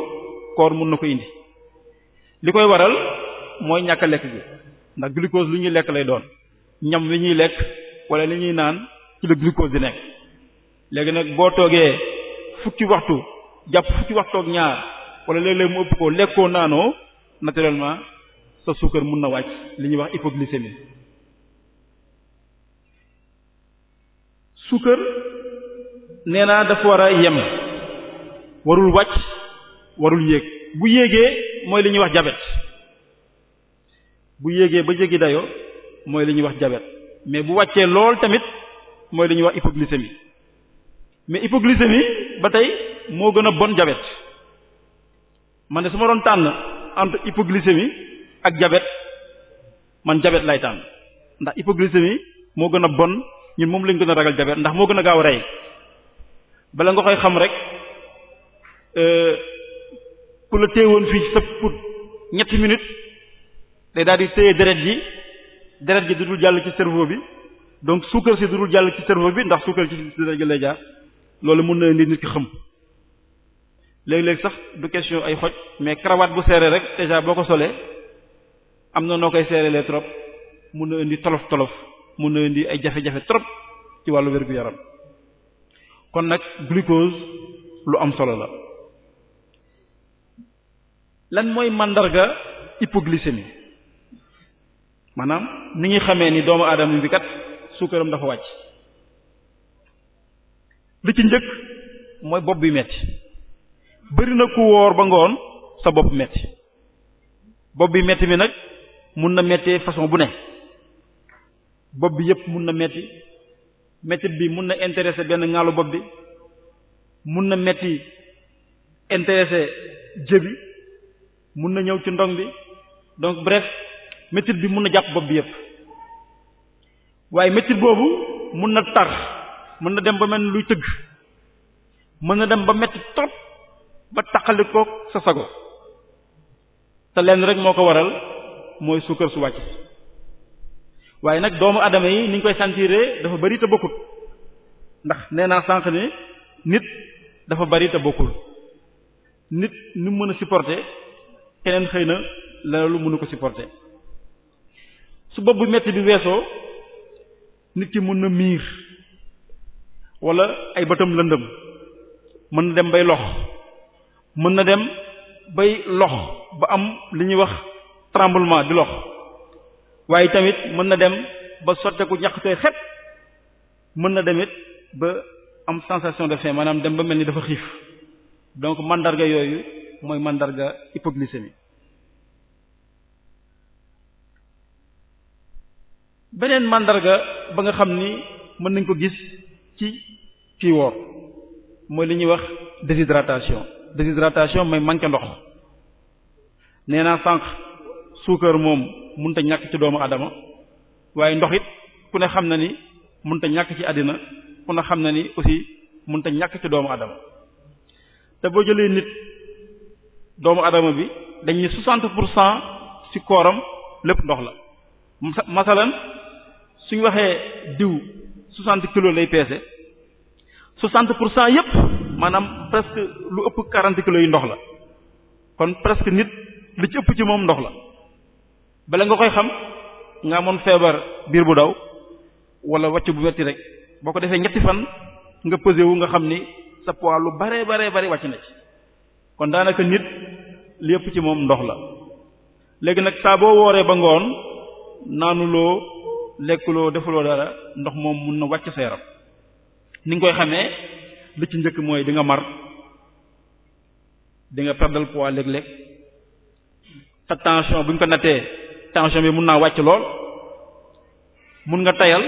koor mën na ko indi li koy waral mooy ñàkk lekk gi ndax glucose lu ñuy lekk lay doon ñam li ñuy lekk wala li ñuy naan ci la glucose di nekk léegi nag boo toogee fukki waxtu jàpp fukki waxtoog ñaar wala léeg-léeg mu ëpp ko lekkoo naanoo naturellement sa suukar mun na wàcc li ñuy wax hypoglycémie suukar nee naa daf war a yem warul wàcc warul yéeg bu yéegee mooy li ñuy wax diabète bu yéegee ba jéggi dayo mooy li ñuy wax diabète mais bu wàccee lool tamit mooy li ñuy wax hypoglycémie mais hypoglycémie ba tey moo gën a bon diabète man de su ma doon tànn entre mi ak jabet man jabet lay tànn ndax hypoglycémie moo gën a bon ñun moom lañ gën a ragal diabète ndax moo gën a gaaw rey bala nga koy xam rek euh, ku la téewoon fii ci sa pour ñetti minutes day daal di téye deret ji deret ji dudul jàll ci cerveau bi donc suukar si dudul jàll ci cerveau bi ndax suukar ci deret ji lay jaar loolu mën na indi nit ki xam léeg-léeg sax du question ay xoj mais cravate bu seeree rek déjà boo ko solee am na noo koy serré trop mun na indi tolof tolof mun na indi ay jafe-jafe trop ci wàllu wér yaram kon nag glucose lu am solo la lan mooy mandarga hypoglycémie maanaam ni ñu xamee ni doomu aadama bi kat suukaram dafa wàcc li ci njëkk mooy bopp bi metti bëri na ku woor ba ngoon sa bopp metti bopp bi metti bi nag mun na mettee façon bu ne bopp bi yëpp mun na metti metti bi mun na intéressé benn ŋaalu bopp bi mun na metti intéressé jëbi mun na ñëw ci ndong bi donc bref metti bi mun na jàpp bopp bi yëpp waaye metti boobu mun na tar mën na dem ba mel luy tëgg mën na dem ba metti trop ba taqalikoog sa sago te lenn rek moo ko waral mooy suukar su wàcc waaye nag doomu adama yi ni ñu koy sentiré dafa bari te bokkut ndax nee naa sànq ni nit dafa bari te bokkul nit ni mën a supporter keneen xëy na la lu mënu ko supporter su bopp bu metti bi weesoo nit ki mën na miir wala ay bëtam lëndëm mën na dem bay lox mën na dem bay lox ba am li ñuy wax tremblement di lox waaye tamit mën na dem ba sotteeku ñaq tey xet mën na dem it ba am sensation de faim maanaam dem ba mel ni dafa xiif donc màndarga yooyu mooy màndarga mandarga hypoglycémie beneen màndarga ba nga xam ni mën nañ ko gis ci kii woor mooy li ñuy wax déshydratation déshydratation may manqué ndox nee naa sànq suukar moom mun a ñàkk ci doomu adama waaye ndox it ku ne xam na ni mun a ñàkk ci àddina ku ne xam na ni aussi mun a ñàkk ci doomu adama te boo jëlee nit doomu adama bi dañuy ni 60 pour cent ci kooram lépp ndox la masalan suñ waxee diw 60 kilo lay peese 60 pour cent yépp maanaam presque lu ëpp 40 kilos yi ndox la kon presque nit li ci ëpp ci moom ndox la bala nga koy xam nga amoon feebar biir bu daw wala wàcc bu wetti rek boo ko defee ñetti fan nga pesé wu nga xam ni sa poids lu bare bare bare wàcc na ci kon daanaka nit li ëpp ci moom ndox la léegi nag saa boo wooree ba ngoon naanuloo lekkuloo defuloo dara ndox moom mun na wàcc sa yaram ni koy xamee li njëkk mooy di nga mar di nga perdre poids léeg-léeg sa tension bu ko nattee tension bi mun naa wàcc lool mun nga tayal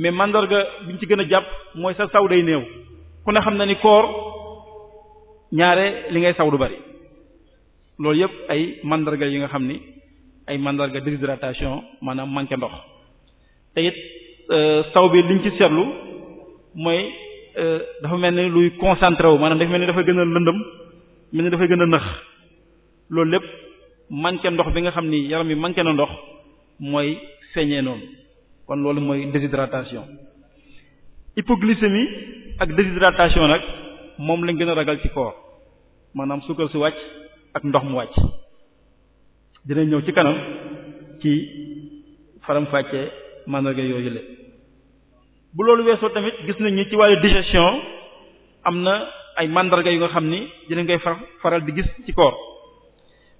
mais mandarga bi ñu ci gën a jàpp mooy sa saw day néew ku ne xam na ni koor ñaare li ngay saw du bari loolu yëpp ay mandarga yi nga xam ni ay mandarga déshydratation maanaam manqué ndox te euh, saw bi liñ ci seetlu mooy Euh, dafa mel ni luy concentré wu maanaam dafa mel ni dafa gën a lëndëm mel ni dafa gën a nëx loolu lépp manqué ndox bi nga xam ni yaram bi manqué na ndox mooy saigné noonu kon loolu mooy déshydratation hypoglycémie ak déshydratation nag moom lañ gën a ragal ci koor maanaam suukar su wàcc ak ndox mu wàcc dina ñëw ci kanam ci faram fàcce mandarga yooyu la bu loolu weesoo tamit gis nañ ni ci wàllu digestion am na ay màndarga yu nga xam ni dinañ koy far faral di gis ci koor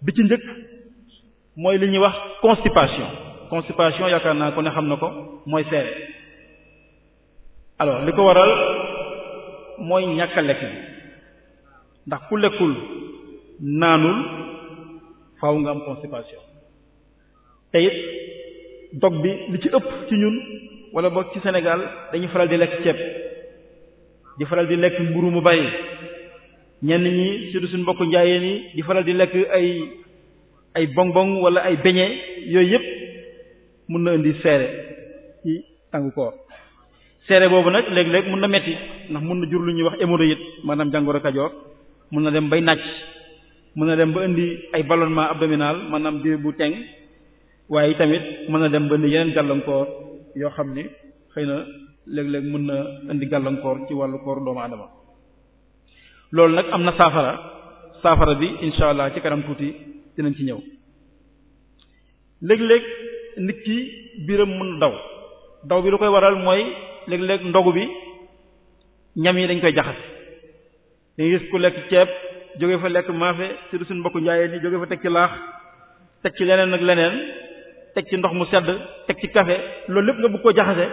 bi ci njëkk mooy li ñuy wax constipation constipation yaakaar naa ko ne xam na ko mooy seere alors li ko waral mooy ñàkk lekk bi ndax ku lekkul naanul faaw nga am constipation te dog bi li ci ëpp ci ñun wala boog ci senegal dañuy faral di lekk ceeb di faral di lekk mburu mu bay ñenn ñi surtout suñu mbokku njaayeen yi di faral di lekk ay ay bonbon wala ay beñe yooyu yëpp mën na indi seere ci tàngu seere boobu nag léeg-léeg mun na metti ndax mun na jur lu ñuy wax hémorroïde maanaam jàngoro kajoor mun na dem bay nàcc mën na dem ba indi ay ballonnement abdominal manaam biir bu teng waaye tamit mën na dem ba indi yeneen gàllankoor yoo xam ni xëy na léeg-léeg mën na indi gàllankoor ci wàllu koor doomu adama loolu nag am na saafara saafara bi incha allah ci kanam tuuti dinañ ci ñëw léeg-léeg nit ki biiram mën daw daw bi lu koy waral mooy léeg-léeg ndogu bi ñam yi dañ koy jaxas dañuy gis ku lekk ceeb jóge fa lekk maafe surtout suñu mbokku njaayeen yi jóge fa teg ci laax teg ci leneen ak leneen teg ci ndox mu sedd teg ci café loolu lépp nga bëgg ko jaxase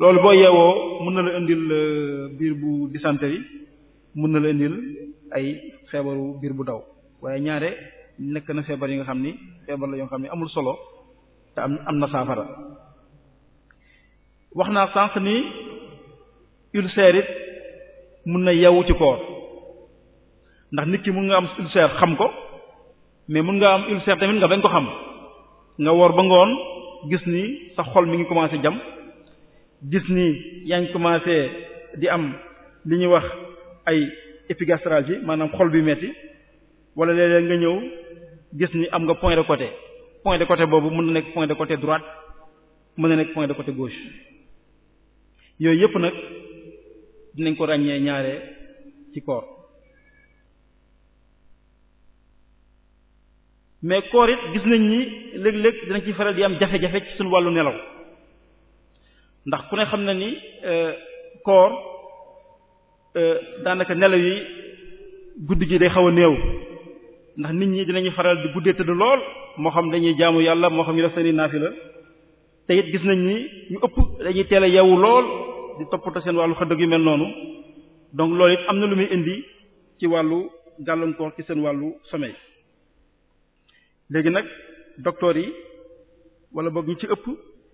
loolu boo yeewoo mën na la indil euh, biir bu dysenterie mun na la indil ay feebaru biir bu daw waaye ñaare nekk na feebar yi nga xam ni feebar la yoo xam ni amul solo te am am na saafara wax naa sànq ni ulcère it mën na yeewu ci koor ndax nit ki mun nga am ulcère xam ko mais mun nga am ulcère tamit nga bañ ko xam nga woor ba ngoon gis ni sa xol mi ngi commencé jam gis ni yaa ngi commencé di am li ñuy wax ay épigastralgie maanaam xol bi metti wala léeg-léeg nga ñëw gis ni am nga point de côté point de côté boobu mën na nekk point de côté droite mun na nekk point de côté gauche yooyu yëpp nag dinañ ko ràññee ñaare ci koor mais koor it gis nañ ni léeg-léeg dina ci faral di am jafe-jafe ci suñu wàllu nelaw ndax ku ne xam na ni euh, koor euh, daanaka nelaw yi guddi gi day xaw a néew ndax nit ñi dinañu faral di guddee tëdd lool moo xam dañuy jaamu yàlla moo xam ñu def seeni naafila te it gis nañ ni ñu ëpp dañuy teel a yeewu lool di toppatoo seen wàllu xëddëg yu mel noonu donc loolu it am na lu muy indi ci wàllu gàllankoor ci seen wàllu sommeil léegi nag docteur yi wala boog ñu ci ëpp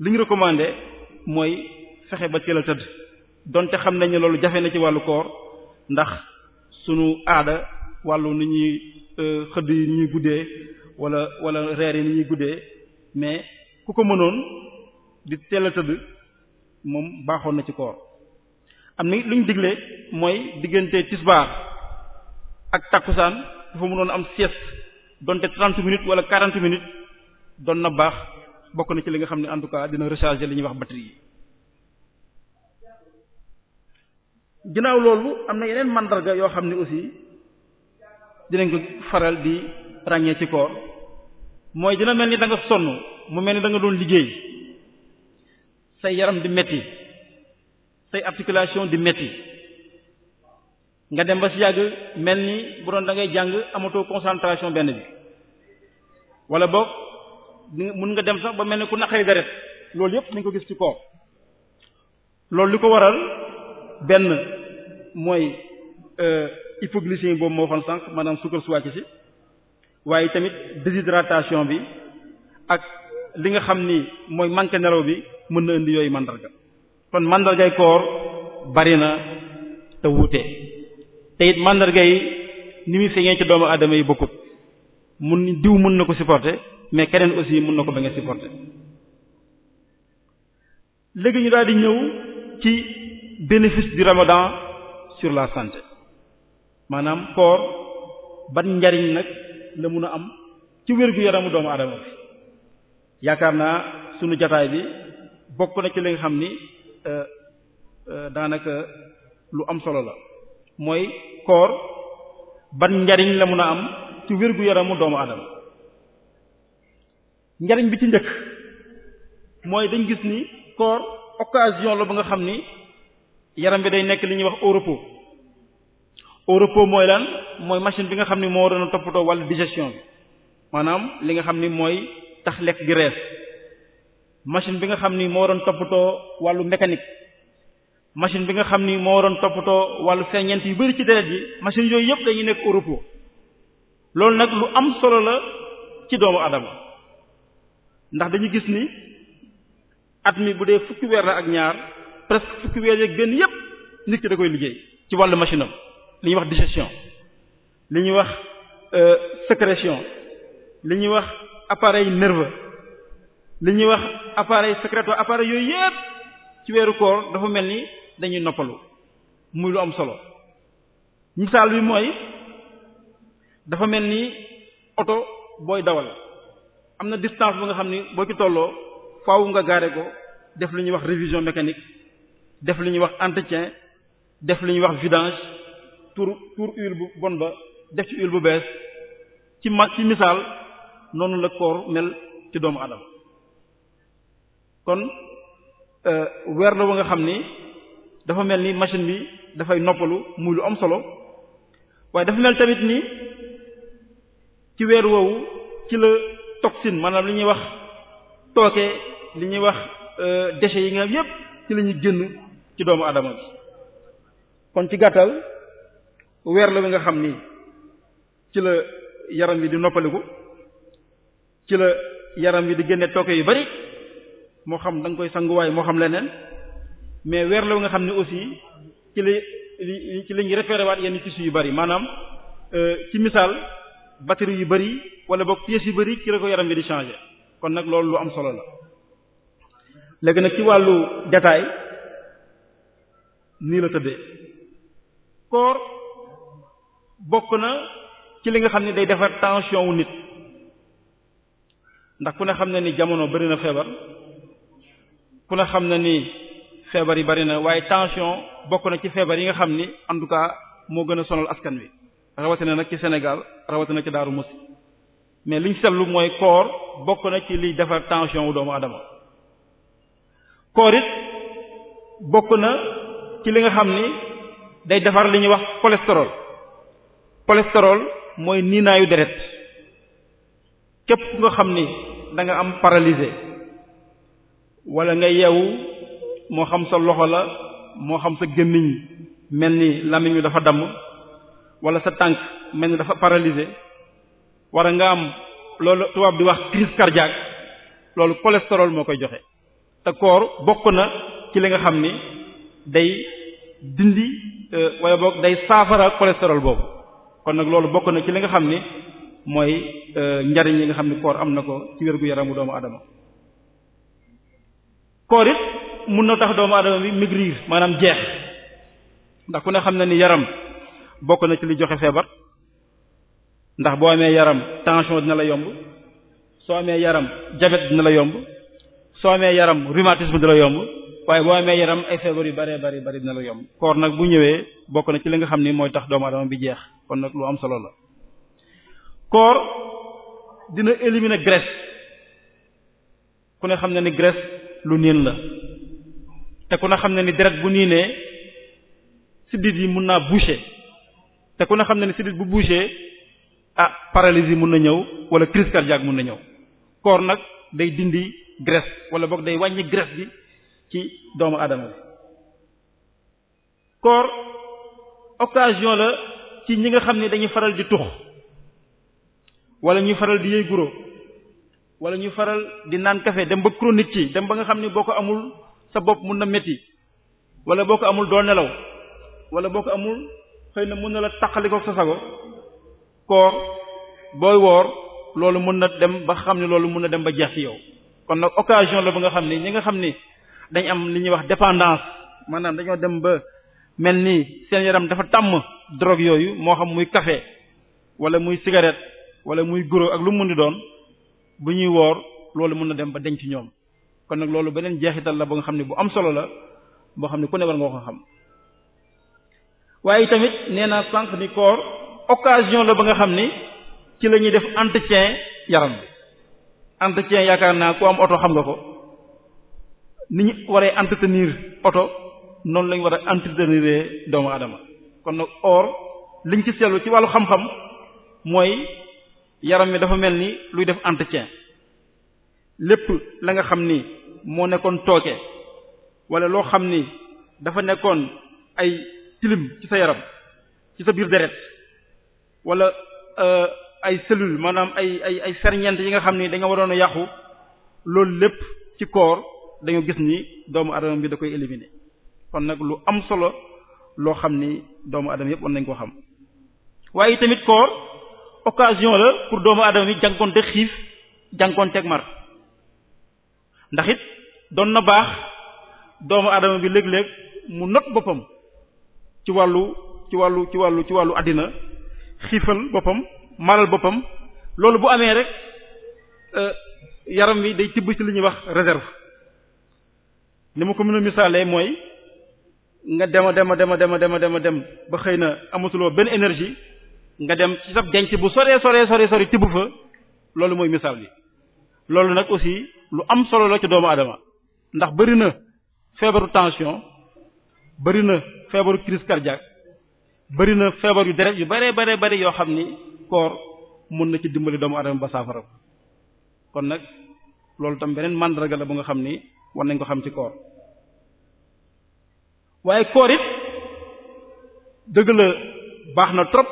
li ñu recommandé mooy fexe ba teel a tëdd donte xam nañ ne loolu jafe na ci wàllu koor ndax sunu aada wàllu ni ñuy euh, xëdd yi ñuy guddee walla walla reer yi ni ñuy guddee mais ku ko mënoon di teel a tëdd moom baaxoon na ci koor am na luñ ñu digle mooy diggante tisbaar ak takkusaan dafa mënoon am sieste donte 30 minutes wala 40 minutes doon na baax bokk na ci li nga xam ne en tout cas dina recharger li ñuy wax batterie yi. ginnaaw loolu am na yeneen mandarga yoo xam ne aussi dinañ ko faral di ràññee ci koor mooy dina mel ni da nga sonn mu mel ni danga doon liggéey say yaram di metti say articulation di metti nga dem ba ci yàgg mel ni bu doon da ngay jàng amatoo concentration benn bi wala boog mun nga dem sax ba mel ni ku naqari deret loolu yëpp mu ngi ko gis ci koor loolu li ko waral benn mooy euh, hypoglycémie boobu moo waxoon sànq maanaam suukar su wàcc si waaye tamit déshydratation bi ak li nga xam ni mooy manque nelaw bi mën na indi yooyu mandarga kon mandargay koor bari na te wuute te it yi ni muy feeñee ci doomu aadama yi bokkut mun diw mën na ko supporter mais keneen aussi mën na ko bañ a supporter léegi ñu daal di ñëw ci bénéfice du ramadan sur la santé maanaam koor ban njariñ nag la mun a am ci wér-gu-yaramu doomu aadama bi yaakaar naa sunu jataay bi bokk na ci li nga xam ni euh, euh, daanaka lu am solo la mooy koor ban njariñ la mun a am ci wérgu yaramu doomu aadama njariñ bi ci njëkk mooy dañ gis ni koor occasion la ba nga xam ni yaram bi day nekk li ñuy wax au repos mooy lan mooy machine bi nga xam ni moo waroon a toppatoo wàllu digestion bi maanaam li nga xam ni mooy tax lekk gi machine bi nga xam ni moo doon toppatoo wàllu mécanique machine bi nga xam ni moo waroon too wàllu feeñeent yu bari ci deret yi machine yooyu yëpp dañuy nekk Europe loolu nag lu am solo la ci doomu adama ndax dañu gis ni at mi bu dee fukki weer la ak ñaar presque fukki weer yeeg benn yëpp nit ki da koy liggéey ci wàllu machine am li ñuy wax digestion li ñuy wax euh, sécrétion li ñuy wax appareil nerveux li ñuy wax appareil sécrétoire appareil yooyu yëpp ci weeru koor dafa mel ni dañuy noppalu muy lu am solo misaal bi mooy dafa mel ni oto booy dawal am na distance bu nga xam ni boo ci tolloo faaw nga gaare ko def lu ñuy wax révision mécanique def lu ñuy wax entretien def lu ñuy wax vidange tour tour huile bu bon ba def ci huile bu bees ci ma ci misaal noonu la koor mel ci doomu adam kon euh, weer la ba nga xam ni dafa mel ni machine bi dafay noppalu muy lu am solo waaye dafa mel tamit nii ci weer woowu ci la toxine maanaam li ñuy wax tooke li ñuy wax euh, déchets yi nga xam yépp ci lañuy ñuy ci doomu adama bi kon ci gàttal weer la wi nga xam ni ci la yaram wi di noppaliku ci la yaram wi di génne tooke yu bari moo xam da nga koy sanguwaay moo xam leneen mais weer la bu nga xam ne aussi ci la ci la ñuy référé waat yenn tissus yu bari maanaam euh, ci misaal batterie yu bari wala bokk pièces yu bari ci la ko yaram bi di changer kon nag loolu lu am solo la. léegi nag ci wàllu détail nii la tëddee koor bokk na ci li nga xam ne day defar tension wu nit ndax ku ne xam ne ni jamono bari na feebar ku ne xam ne nii feebar yi bari na waaye tension bokk na ci feebar yi nga xam ni en tout cas moo gën a sonal askan wi rawatina nag ci Sénégal rawatina ci daaru Moukhty mais liñ seetlu mooy koor bokk na ci liy defar tension wu doomu adama koor it bokk na ci li nga xam ni day defar li ñuy wax cholestérol cholestérol mooy niinaayu deret képp ku nga xam ni danga am paralysé wala nga yeewu moo xam sa loxo la moo xam sa gémmiñ mel ni làmmiñ wi dafa damm wala sa tànk mel ni dafa paralysé wara nga am loolu tubaab di wax crise cardiaque loolu cholestérol moo koy joxe te koor bokk na ci li nga xam ni day dindi euh, wala boog day saafara cholestérol boobu kon nag loolu bokk na ci li nga xam ni mooy euh, njariñ yi nga xam ni koor am na ko ci wér gu yaramu doomu adama koor it mun na tax doomu adama bi maigrir maanaam jeex ndax ku ne xam na ni yaram bokk na ci li joxe feebar ndax boo amee yaram tension dina la yomb soo amee yaram diabète dina la yomb soo amee yaram rhumatisme dina la yomb waaye boo amee yaram ay feebar yu bëree bëri bëri dina la yomb koor nag bu ñëwee bokk na ci li nga xam ni mooy tax doomu adama bi jeex kon nag lu am solo la koor dina éliminer graisse ku ne xam na ni graisse lu niin la te ku ne xam ne ni deret bu ne siddit yi mun naa boucher te ku ne xam ne ni siddit bu boucher ah paralysie mun na ñëw wala crise cardiaque mun na ñëw koor nag day dindi graisse wala boog day wàññi graisse bi ci doomu aadama bi koor occasion la ci ñi nga xam ne dañuy faral di tux wala ñuy faral di yëy guro wala ñuy faral di naan café dem ba cronit ci dem ba nga xam ne boo ko amul sa bopp mun na métti wala boo ko amul doo nelaw wala boo ko amul xëy na mun na la taqaliko sa sago koor booy woor loolu mun na dem ba xam ne loolu mun na dem ba jeex ci yow kon nag occasion la ba nga xam ni ñi nga xam ni dañ am li ñuy wax dépendance maanaam dañoo dem ba mel ni seen yaram dafa tàmm drogue yooyu moo xam muy kafe wala muy cigarette wala muy guro ak lu mu mën di doon bu ñuy woor loolu mun na dem ba denc ñoom kon nag loolu beneen jeexital la ba nga xam ne bu am solo la boo xam ne ku ne war nga ko xam waaye tamit nee naa sànq ni koor occasion la ba nga xam ni ci la ñuy def entretien yaram bi yaakaar naa ku am oto xam nga ko ni ñu waree entretenir oto noonu lañu war a entretenir doomu aadama kon nag or liñ ci seetlu ci wàllu xam-xam mooy yaram mi dafa mel ni luy def entretien lépp la nga xam ni moo nekkoon tooke wala loo xam ni dafa nekkoon ay tilim ci sa yaram ci sa biir deret wala euh, ay cellules maanaam ay ay ay ferñeent yi nga xam ni danga waroon a yàqu loolu lépp ci koor dañoo gis ni doomu adama bi da koy éliminer kon nag lu am solo loo xam ni doomu adama yëpp war nañ ko xam waaye tamit koor occasion la pour doomu adama bi jànkoonte xiif jànkoonteeg mar ndax it doon na baax doomu aadama bi léeg-léeg mu not boppam ci wàllu ci wàllu ci wàllu ci wàllu àddina xiifal boppam malal boppam loolu bu amee rek euh, yaram wi day tibb ci li ñuy wax réserve ni ma ko mën a misaalee mooy nga dema dema dema dema dema dema dem ba xëy na amatuloo benn énergie nga dem ci sab denc bu soree soree soree sori tibb fa loolu mooy misaal bi loolu nag aussi lu am solo la ci doomu adama ndax bëri na feebaru tension bëri na feebaru crise cardiaque bëri na feebar yu deret yu bare bare bëri yoo xam ni koor mën na ci dimbali doomu adama ba saafara kon nag loolu tam beneen màndarga la bu nga xam ni war nañ ko xam ci koor waaye koor it dëgg la baax na trop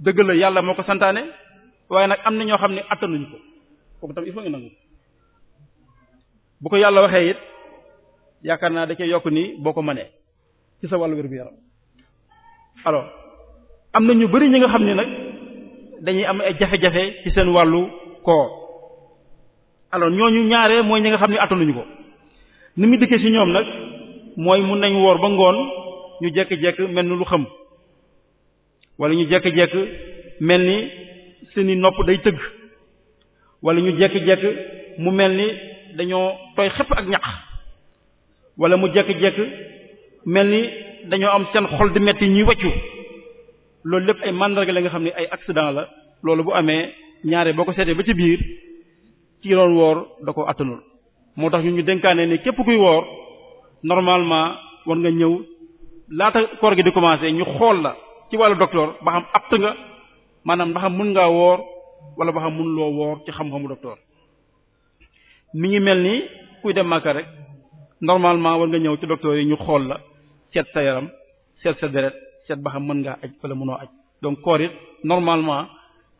dëgg la yàlla moo ko santaane waaye nag am na ñoo xam ne attanuñ ko kooku tam il faut nga nangu bu ko yàlla waxee it yaakaar naa da cee yokk nii boo ko manee ci sa wàllu wér-gu-yaram alors am na ñu bari ñi nga xam ni nag dañuy am ay jafe-jafe ci seen wàllu koor alors ñooñu ñaare mooy ñi nga xam ne attanuñu ko ni muy dikkee ci ñoom nag mooy mun nañ woor ba ngoon ñu jekk-jekk mel ni lu xam wala ñu jekk-jekk mel ni seeni nopp day tëgg wala ñu jekki-jekki mu mel ni dañoo tooy xëpp ak ñaq wala mu jekki-jekki mel ni dañoo am seen xol di metti ñuy waccu loolu lépp ay mandarga la nga xam ne ay accident la loolu bu amee ñaare boo ko seetee ba ci biir ci doon woor da ko attanul moo tax ñu ñu dénkaane ne képp kuy woor normalement war nga ñëw laata koor gi di commencer ñu xool la ci wàllu docteur ba xam apt nga maanaam ndaxam mun ngaa woor wala ba xam mënuloo woor ci xam-xamu docteur mu ngi mel ni kuy dem Makka rek normalement war nga ñëw ci docteur yi ñu xool la seet sa yaram seet sa deret seet ba xam mën ngaa aj wala mënoo aj donc koor it normalement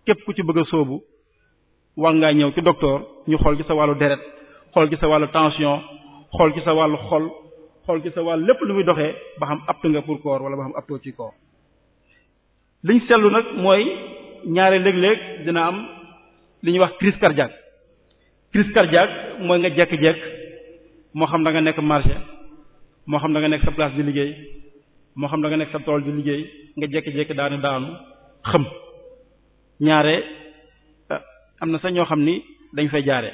képp ku ci bëgg a war ngaa ñëw ci docteur ñu xool ci sa wàllu deret xool ci sa wàllu tension xool ci sa wàllu xol xool ci sa wàllu lépp lu muy doxee ba xam apt nga pour koor wala ba xam aptoo ci koor liñ seetlu nag mooy ñaare léeg-léeg dina am li ñuy wax crise cardiaque crise cardiaque mooy nga jekk-jekk moo xam da nga nekk marché moo xam na nga nekk sa place di liggéey moo xam na nga nekk sa tool di liggéey nga jekk-jekk daanu daanu xëm ñaare eh, am na sax ñoo xam ni dañ fay jaare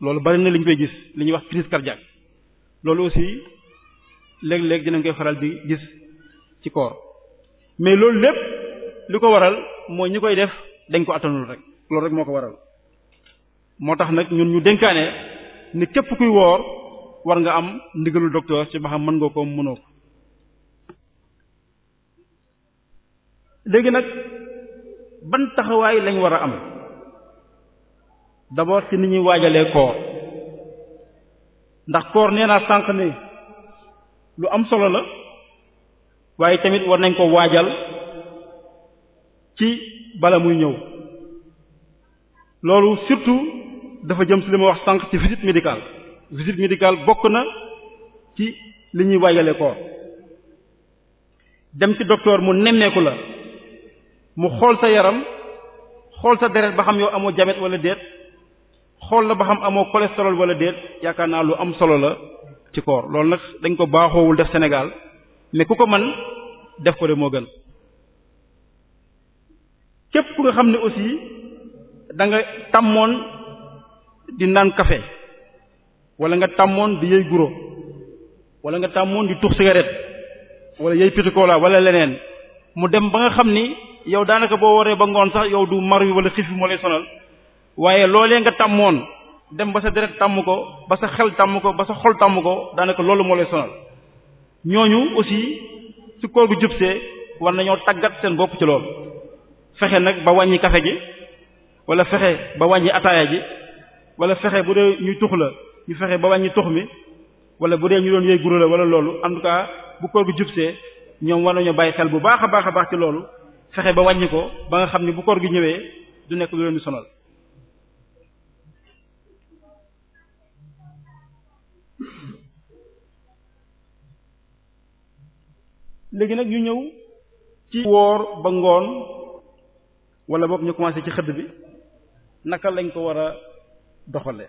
loolu bari na li ñu fay gis li ñuy wax crise cardiaque loolu aussi léeg-léeg dinañ koy faral di gis ci koor mais loolu lépp li ko waral mooy ñi koy def dañ ko attanul rek loolu rek moo ko waral moo tax nag ñun ñu dénkaane ni képp kuy woor war nga am ndigalu docteur ci ba xam mën nga ko mënoo ko léegi nag ban taxawaay lañ war a am d'abord ci ni ñuy waajalee koor ndax koor nee naa sànq ne lu am solo la waaye tamit war nañ ko waajal ci bala muy ñëw loolu surtout dafa jëm si li ma wax sànq ci visite médicale visite médicale bokk na ci li ñuy waajale koor dem ci docteur mu nemmeeku la mu xool sa yaram xool sa deret ba xam yow amoo diabète wala déet xool na ba xam amoo cholestérol wala déet yaakaar naa lu am solo la ci koor loolu nag dañ ko baaxoowul def Sénégal mais ku ko man def ko de moo gën képp ku nga xam ne aussi da nga tàmmoon di naan café wala nga tàmmoon di yëy guro wala nga tàmmoon di tux cigarette wala yëy pitikola wala leneen mu dem ba nga xam ni yow daanaka boo waree ba ngoon sax yow du mar wi wala xiif bi moo lay sonal waaye loolee nga tàmmoon dem ba sa deret tàmm ko ba sa xel tàmm ko ba sa xol tàmm ko daanaka loolu moo lay sonal ñooñu aussi su koor bi jubsee war nañoo tàggat seen bopp ci loolu fexe nag ba wàññi kafe gi wala fexe ba wàññi ataaya ji wala fexe bu dee ñuy tux la ñu fexe ba wàññi tux mi wala bu dee ñu doon yooy guro la wala loolu en tout bu koor gi jubsee ñoom war nañoo bàyyi xel bu baax a baax a baax ci loolu fexe ba wàññi ko ba nga xam ne bu koor gi ñëwee du nekk lu leen sonal léegi nag yu ñëw ci woor ba ngoon wala boog ñu commencé ci xëdd bi naka lañ ko war a doxale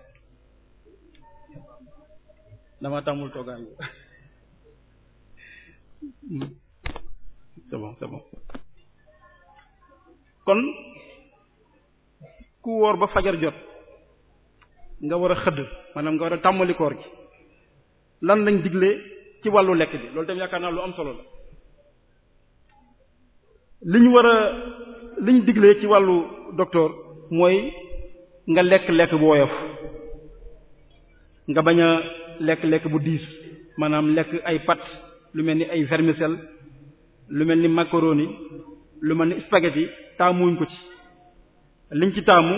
dama tàmmul toogaan c'est kon ku wóor ba fajar jot nga war a xëdd manaam nga war a tàmmali koor lan lañ digle ci wàllu lekk bi loolu tam yaakaar naa lu am solo la liñ war liñ digle ci wàllu docteur mooy nga lekk lekk bu woyof nga bañ a lekk lekk bu diis maanaam lekk ay pat lu mel ni ay vermicelles lu mel ni macaroni lu mel ni spaghetti taamuñ ko ci liñ ci taamu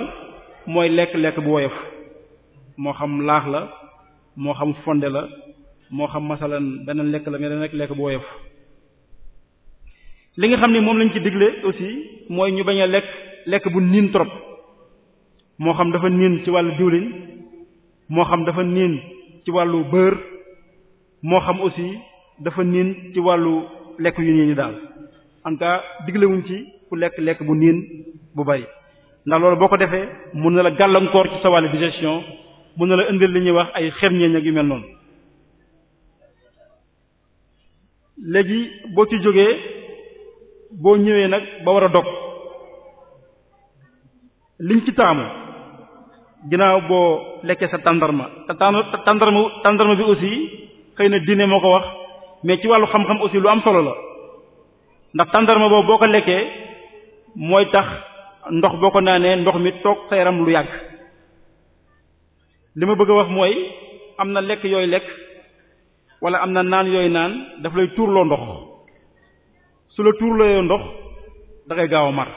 mooy lekk lekk bu woyof moo xam laax la moo xam fonde la moo xam masalan beneen lekk la mais dana lekk lekk bu woyof li nga xam ne moom lañu ci digle aussi mooy ñu bañ a lekk lekk bu niin trop moo xam dafa niin ci wàllu diwlin moo xam dafa niin ci wàllu beurre moo xam aussi dafa niin ci wàllu lekk yu niin yi daal en diglewuñ ci ku lekk lekk bu niin bu bari ndax loolu boo ko defee mun na la gàllankoor ci sa wàllu digestion mun na la indil li ñuy wax ay xerñeeñ ak yu mel noonu léegi boo ci jógee boo ñëwee nag ba war a dog liñ ci taamu ginnaaw boo lekkee sa tàndarma te tàndarma tàndarma bi aussi xëy na diine moo ko wax mais ci wàllu xam-xam aussi lu am solo la ndax tàndarma boobu boo ko lekkee mooy tax ndox boo ko naanee ndox mi toog sa yaram lu yàgg li ma bëgg a wax mooy am na lekk yooyu lekk wala am na naan yooyu naan daf lay tuurloo ndox su la tuurloo ndox da ngay gaaw a mar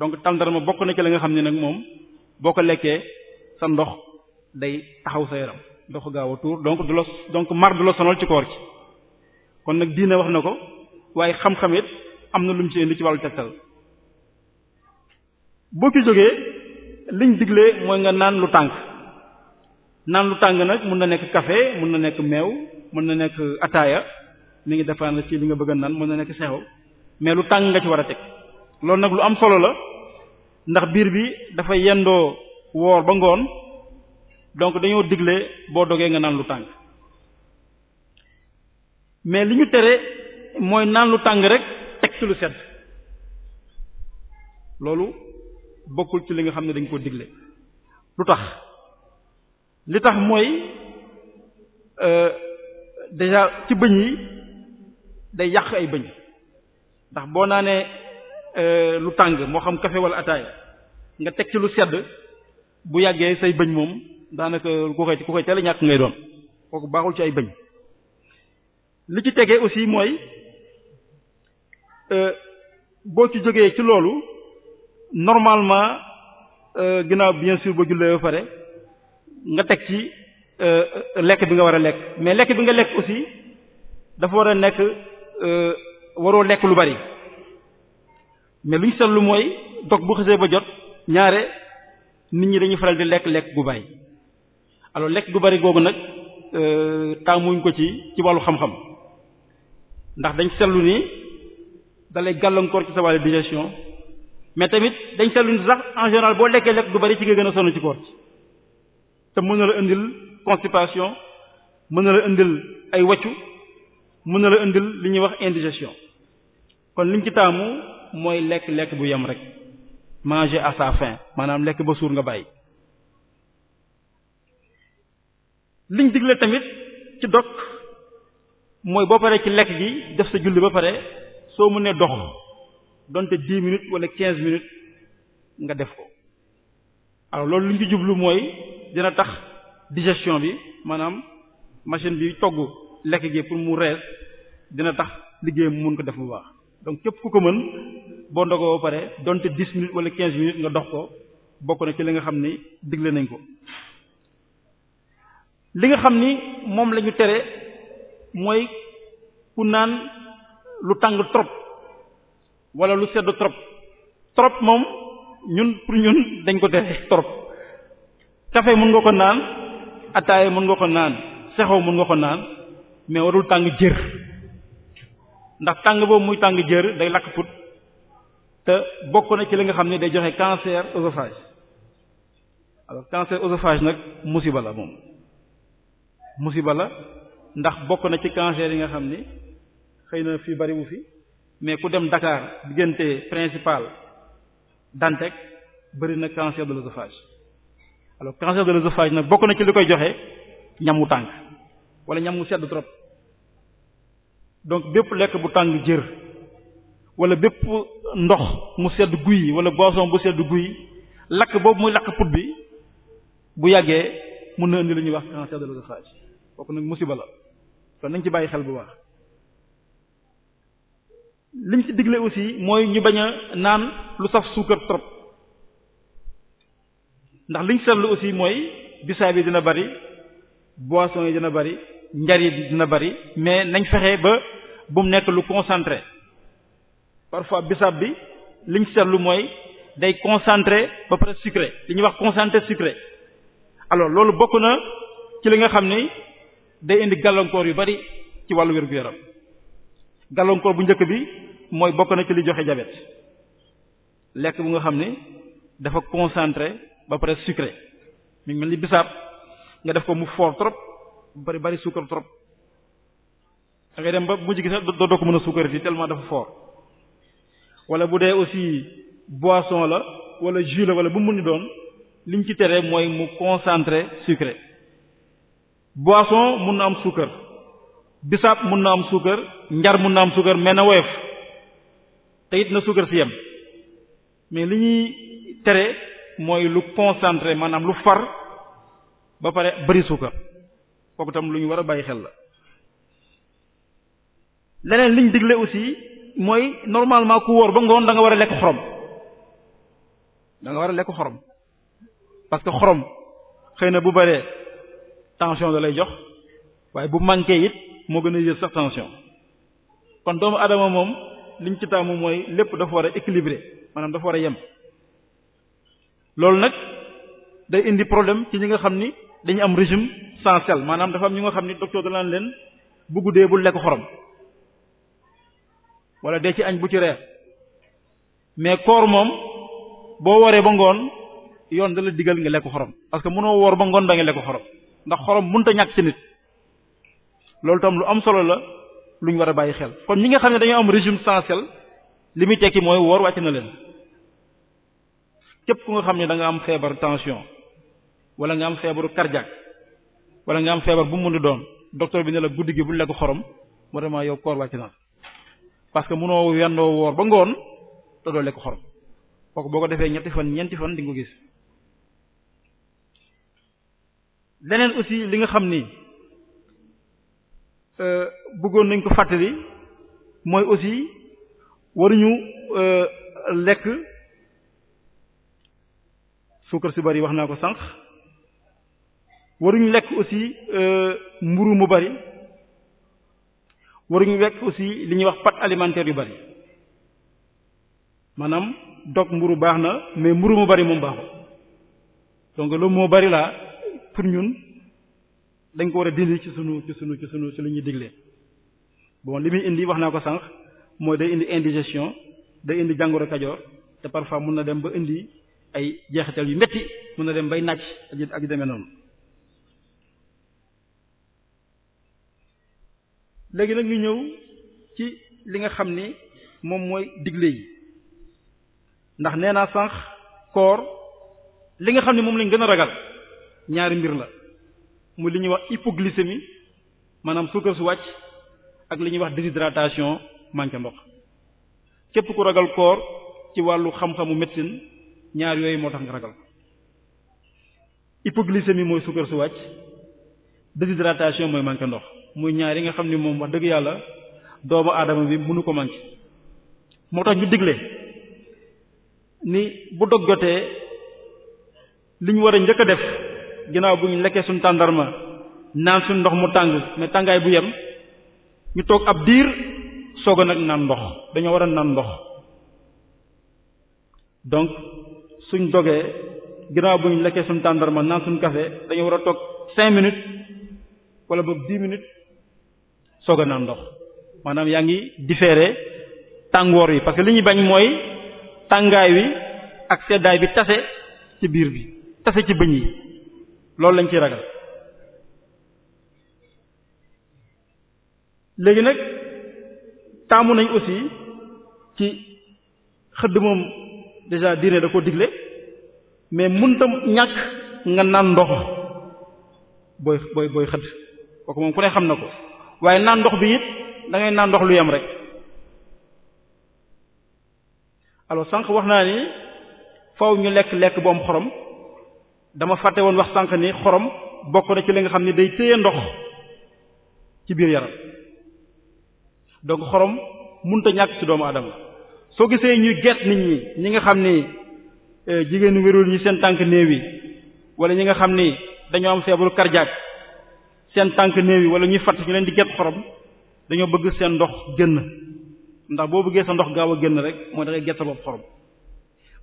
donc tàndarma bokk na ci li nga xam ne nag moom boo ko lekkee sa ndox day taxaw sa yaram ndox gaaw a tuur donc du la donc mar du la sonal ci koor ci kon nag diina wax na ko waaye xam-xam it am na lu mu ci indi ci wàllu tegtal boo ci jógee liñ digle mooy nga naan lu tànk naan lu tàng nag mun na nekk kafe mun na nekk meew mën na nekk ataaya mi ngi dépendre ci li nga bëgg a naan mën na nekk seexu mais lu tàng nga ci war a teg loolu nag lu am solo la ndax biir bi dafa yendoo woor ba ngoon donc dañoo digle boo dogee nga naan lu tàng mais li ñu tere mooy naan lu tàng rek teg ci lu sedd loolu bokkul ci li nga xam ne dañ ko digle lu tax li tax mooy euh, déjà ci bëñ yi day yàq ay bëñ ndax boo naanee euh, lu tàng moo xam café wala ataaya nga teg ci lu sedd bu yàggee say bëñ moom daanaka ku koy ku koy teel a ñàkk ngay doon kooku baaxul ci ay bëñ li ci tegee aussi mooy euh, boo ci jógee ci loolu normalement euh, ginnaaw bien sûr ba jullee ba pare nga teg ci lekk bi nga war a lekk mais lekk bi nga lekk aussi dafa war a nekk Euh, waroo lekk lu bari mais luñ ñu seetlu mooy dog bu xësee ba jot ñaare nit ñi dañuy faral di lekk lekk gu bari alors lekk gu bari googu nag euh, taamuñ ko ci ci wàllu xam-xam ndax dañ seetlu nii dalay gàllankoor ci sa wàllu digestion mais tamit dañ seetlu ni sax en général boo lekkee lekk gu bari ci nga gën a sonn ci koor te mën na la indil constipation mën na la indil ay waccu mën na la indil li ñuy wax indigestion kon liñ ci taamu mooy lekk lekk bu yem rek manger à sa faim maanaam lekk ba suur nga bàyyi liñ digle tamit ci dog mooy boo paree ci lekk gi def sa julli ba pare soo mënee dox donte dix minutes wala quinze minutes nga def ko alors loolu liñ ci jublu mooy dina tax digestion bi maanaam machine bi toggu lekk gi pour mu rees dina tax liggéeyam mu mun ko def bu baax donc képp ku ko mën boo ndogoo ba pare donte dix minutes wala quinze minutes nga dox ko bokk na ci li nga xam ni digle nañ ko. li nga xam ni moom lañu tere mooy ku naan lu tàng trop wala lu sedd trop trop moom ñun pour ñun dañ ko tere trop café mën nga ko naan ataaya mën nga ko naan sexoo mën nga ko naan. mais warul tàng jër ndax tàng boobu muy tàng jër day lakk put te bokk na ci li nga xam ni day joxe cancer oesophage alors cancer oesophage nag musiba la moom musiba la ndax bokk na ci cancer yi nga xam ni xëy na fii bariwu fi mais ku dem Dakar diggante principal Dantec bëri na cancer de l'œsophage alors cancer de l'œsophage nag bokk na ci li koy joxe ñamu tàng wala ñam mu sedd trop donc bépp lekk bu tàng jër wala bépp ndox mu sedd guy wala boisson bu sedd guy lakk boobu muy lakk put bi bu yàggee mën na indi lu ñuy wax cancer de l'œsophage nag musiba la kon nañ ci bàyyi xel bu baax liñ ci digle aussi mooy ñu bañ a naan lu saf suukar trop ndax liñ seetlu aussi mooy bisaab yi dina bari boisson yi dina bari njariñ dina bari mais nañ fexe ba bu mu nekk lu concentré parfois bisaab bi liñ seetlu mooy day concentré ba pare sucré li ñuy wax concentré sucré alors loolu bokk na ci li nga xam ni day indi gàllankoor yu bari ci wàllu wér-gu-yaram gàllankoor bu njëkk bi mooy bokk na ci li joxe diabète lekk bu nga xam ni dafa concentré ba pare sucré mi mel ni bisaab nga def ko mu fort trop. bari bari suukar trop da ngay dem ba mujj gi sax doo doo ko mën a suukar fii tellement dafa fort wala bu dee aussi boisson la wala jus la wala bu mu mën doon liñ ci tere mooy mu concentré sucré boisson mun na am suukar bisaab mun na am suukar njar mun na am suukar mais na woyof te it na suukar si yem mais li ñuy tere mooy lu concentré maanaam lu far ba pare bari suukar. kooku tam lu ñu war a bàyyi xel la leneen liñ digle aussi mooy normalement ku wóor ba ngoon da nga war a lekk xorom danga war a lekk xorom parce que xorom xëy na bu bëree tension da lay jox waaye bu manqué it moo gën a yées sax tension kon doomu adama moom liñ ci taamu mooy lépp dafa war a équilibré maanaam dafa war a yem loolu nag day indi problème ci ñi nga xam ni dañu am régime substantiel maanaam dafa am ñu nga xam ni docteur da laan leen bu guddee bul lekk xorom wala dee ci añ bu ci reer mais koor moom boo waree ba ngoon yoon da la digal nga lekk xorom parce que mënoo woor ba ngoon ba nga lekk xorom ndax xorom mënut a ñàkk ci nit loolu tam lu am solo la lu ñu war a bàyyi xel kon ñi nga xam ne dañoo am régime essentiel li muy tekki mooy woor wàcc na leen képp ku nga xam ne da nga am feebaru tension wala nga am feebaru cardiaque wala nga am feebar bu mu mën doon docteur bi ne la guddi gi bu lekk xorom moo tax ma yow koor wàcc na parce que munoo yendoo woor ba ngoon te doo lekk xorom kooku boo ko defee ñetti fan ñeenti fan di ko gis. leneen aussi li nga xam ni euh, bëggoon nañ ko fàttali mooy aussi waruñu euh, lekk suukar si bari wax naa ko sànq. waruñu lekk aussi euh, mburu mu bari waruñu lekk aussi li ñuy wax pâte alimentaire yu bari maanaam dog mburu baax na mais mburu mu bari moom baaxul donc loolu moo bari laa pour ñun dañ ko war a dindi ci sunu ci sunu ci sunu ci lu ñuy digle bon li muy indi wax naa ko sànq mooy day indi indigestion day indi jàngoro kajoor te parfois mun na dem ba indi ay jeexital yu metti mun na dem bay nàcc ak yu noonu. léegi nag ñu ñëw ci li nga xam ni moom mooy digle yi ndax nee naa sànq koor li nga xam ne moom lañ gën a ragal ñaari mbir la mu li ñuy wax hypoglycémie maanaam suukar su wàcc ak li ñuy wax déshydratation manque ndox képp ku ragal koor ci wàllu xam-xamu médecine ñaar yooyu moo tax nga ragal ko hypoglycémie mooy suukar su wàcc déshydratation mooy manque ndox muy ñaar yi nga xam ne moom wax dëgg yàlla doomu aadama bi mënu ko manqué moo tax ñu digle ni bu dog jotee li ñu war a njëkk a def ginnaaw bu ñu lekkee suñ tàndarma naan suñu ndox mu tàng mais tàngaay bu yem ñu toog ab diir soog nag naan ndox dañoo war a naan ndox donc suñ dogee ginnaaw bu ñu lekkee suñ tàndarma naan suñu kafe dañoo war a toog cinq minutes wala boog dix minutes soog a naan ndox maanaam yaa ngi différé tàngoor yi parce que li ñuy bañ mooy tàngaay wi ak seddaay bi tase ci biir bi tase ci bëñ yi loolu lañ ci ragal léegi nag taamu nañ aussi ci xëdd moom déjà diine da ko digle mais mun munta ñàkk nga naan ndox booy booy booy xëdd kooku moom ku ne xam na ko waaye naan ndox bi it da ngay naan ndox lu yem rek alors sànq wax naa ni faw ñu lekk lekk bu am xorom dama fàtte woon wax sànq ni xorom bokk na ci li nga xam ni day téye ndox ci biir yaram donc xorom mënut a ñàkk ci doomu aadama soo gisee ñuy geet nit ñi ñi nga xam ni euh, jigéenu wérul ñi seen tànk néew yi wala ñi nga xam ni dañoo am feebaru cardiaque seen tànk néew yi wala ñuy fatt ñu leen di gett xorom dañoo bëgg seen ndox génn ndax boo bëggee sa ndox gaaw a génn rek mooy da ngay gett sa bopp xorom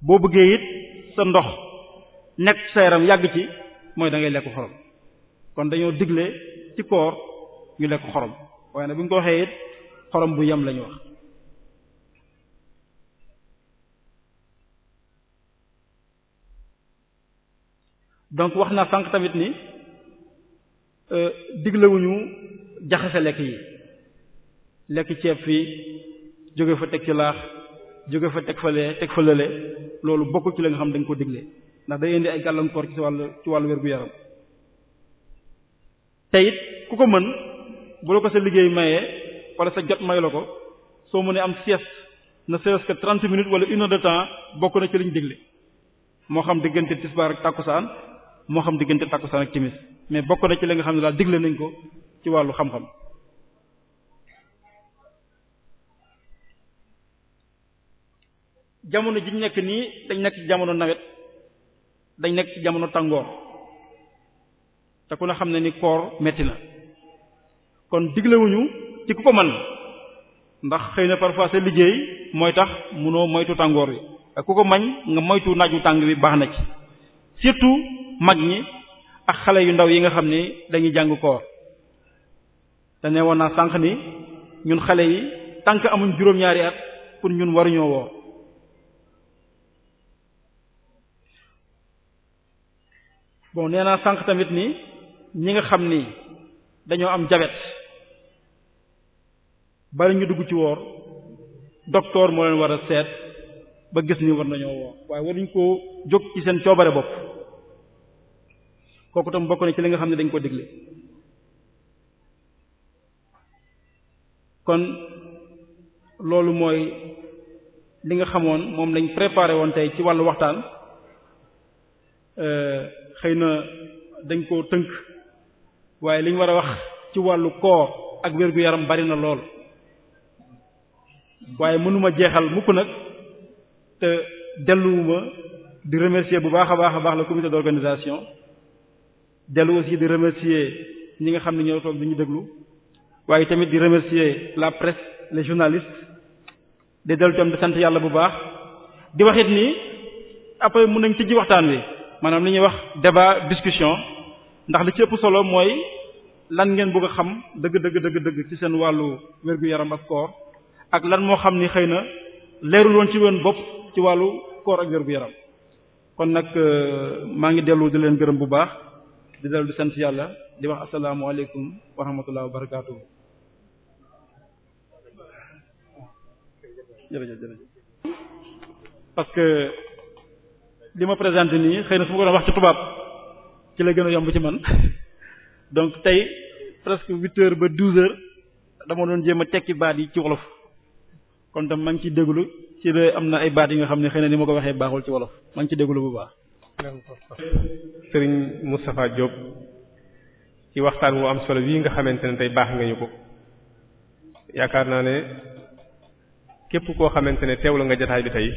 boo bëggee it sa ndox nekk sa yaram yàgg ci mooy da ngay lekk xorom kon dañoo digle ci koor ñu lekk xorom waaye nag bu ñu ko waxee it xorom bu yem lañu ñu wax donc wax naa sànq tamit ni Euh, diglewuñu jaxase lekk yi lekk ceeb fii jóge fa teg ci laax jóge fa teg falee teg falale loolu bokkul ci la nga xam dañ ko digle ndax day indi ay gàllankoor ci wàllu ci gu yaram te it ku ko mën bu la ko sa liggéey maye wala sa jot may la ko soo mënee am sieste ne serait-ce que minutes wala une heure de temps bokk na ci liñ digle moo xam diggante tisbaar ak tàkkusaan moo xam diggante takkusaan ak timis mais bokk na ci li nga xam ne daal digle nañ ko ci wàllu xam-xam jamono ji ñu nekk nii dañ nekk jamono nawet dañ nekk jamono tàngoor te ku ne xam ne ni koor metti na kon diglewuñu ci ku ko man ndax xëy na parfois liggéey mooy tax munoo moytu tàngoor bi ak ku ko mañ nga moytu naaju tàng bi baax na ci surtout mag ñi ak xale yu ndaw yi nga xam ni dañuy jàng koor te ne woon naa sànq ni ñun xale yi tànk amuñ juróom-ñaari at pour ñun waruñoo woor boo nee naa sànq tamit ni ñi nga xam ni dañoo am jabet bari ñu dugg ci woor docteur moo leen war a seet ba gis ni war nañoo woor waaye waruñ koo jóg ci seen coobare bopp kooku tam bokk na ci li nga xam ne dañ ko digle kon loolu mooy li nga xamoon moom lañ préparé woon tey ci wàllu waxtaan euh, xëy na dañ koo tënk waaye liñ war a wax ci wàllu koor ak wér-gu-yaram bari na lool waaye mënuma jeexal mukk nag te delluwuma di remercier bu baax a baax a baax le comité d'organisation dellu aussi di remercier ñi nga xam ne ñoo toog di ñu déglu waaye tamit di remercier la presse les journalistes di dellu tam di sant yàlla bu baax di wax nii ni après mën nañ tijji waxtaan wi maanaam li ñuy wax débat discussion ndax li ci ëpp solo mooy lan ngeen bugg a xam dëgg dëgg dëgg dëgg ci seen wàllu wérgu yaram ak koor ak lan moo xam ni xëy na leeru woon ci ween bopp ci wàllu koor ak wérgu yaram kon nag euh, maa ngi dellu di leen gërëm bu baax. di dal di sant yàlla di wax asalaamualeykum wa rahmatullahi wa barakaatu. jërëjëf jërëjëf. parce que li ma présenté nii xëy na su ma ko doon wax ci tubaab ci la gën a yomb ci man donc tey presque huit heures ba douze heures dama doon jéem a tekki baat yi ci wolof kon tam maa ngi ciy déglu ci la am na ay baat yi nga xam ne xëy na li ma ko waxee baaxul ci wolof maa ngi ciy déglu bu baax. sëriñ Moustapha Diop ci waxtaan wu am solo bii nga xamante ne tey baax nga ñu ko yaakaar naa ne képp koo xamante ne teew la nga jotaay bi tey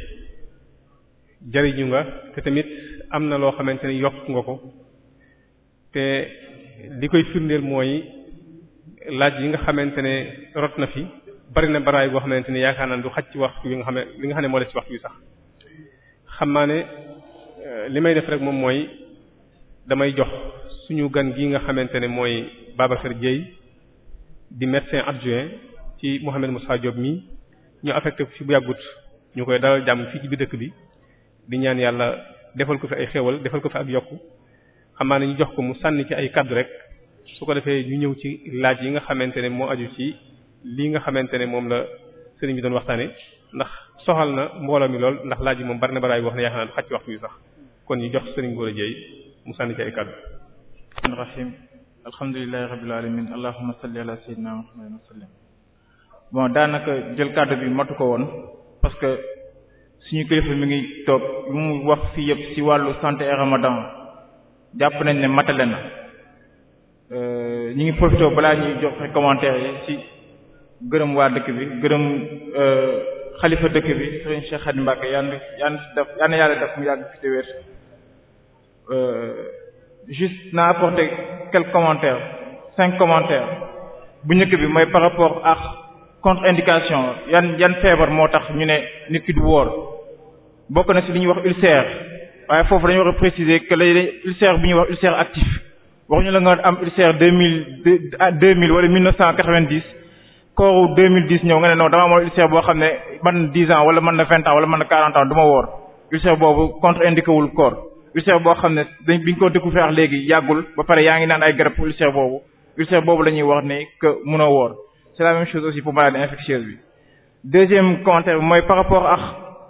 jariñu nga te tamit am na loo xamante ne yokk nga ko te li koy firndeel mooy laaj yi nga xamante ne rot na fi bari na baraay boo xamante ne yaakaar naa du xaj ci waxtu wi nga xam ne li nga xam ne moo des ci waxtu wi sax xam naa ne Euh, li may def rek moom mooy damay jox suñu gan gi nga xamante ne mooy Babacar Dieye di médecin adjoint ci Mouhamed Moussa Diop mi ñu affecté ko ci bu yàggut ñu koy dalal jàmm fii ci bi dëkk bi di ñaan yàlla defal ko fi ay xéwal defal ko fi ak yokku xam naa ne ñu jox ko mu sànni ci ay kaddu rek su ko defee ñu ñëw ci laaj yi nga xamante ne moo aju ci lii nga xamante ne moom la sëriñ bi doon waxtaane ndax soxal na mbooloo mi lool ndax laaj yi moom bari na baraay wax ne yaakaar naa du xaj ci kon ñu jox sëriñ Gora Dieye mu sànni ci ay kàddu alhamdulillahi rabbil alamin allahumma salli ala sayyidina muhammadin wa sallam bon daanaka jël kàddu bi matu ko woon parce que suñu kilifa mi ngi toog mu wax fii yëpp ci wàllu santé et ramadan jàpp nañ ne matale na euh, ñu ngi profité balaa ñuy jox commentaire yi ci gërëm waa dëkk bi gërëm euh, xalifa dëkk bi Serigne Cheikh Khadim Mbacké yan yaan def yaan yàlla def mu yàgg fi te Euh, juste naa apporter quelques commentaires cinq commentaires bu njëkk bi mooy par rapport ak contre-indication yan yan feebar moo tax ñu ne nit ki du woor bokk na li ñuy wax ulcère waaye foofu dañu war a préciser que lay ulcère bi ñuy wax ulcère actif waxuñu la nga am ulcère deux mille deux ah, mille wala mille neuf cent quatre-vingt-dix kooru deux ñëw nga ne non dama amoon ulcère boo xam ne man na dix ans wala mën na vingt ans wala mën na quarante ans du ma woor ulcère boobu contre-indiqué wul koor ulcère boo xam ne dañ biñ ko découvert léegi yàggul ba pare yaa ngi naan ay garab pour boobu ulcère boobu la ñuy wax ne que a woor c'est la même chose aussi pour maladie infectieuse bi. deuxième commentaire mooy par rapport ak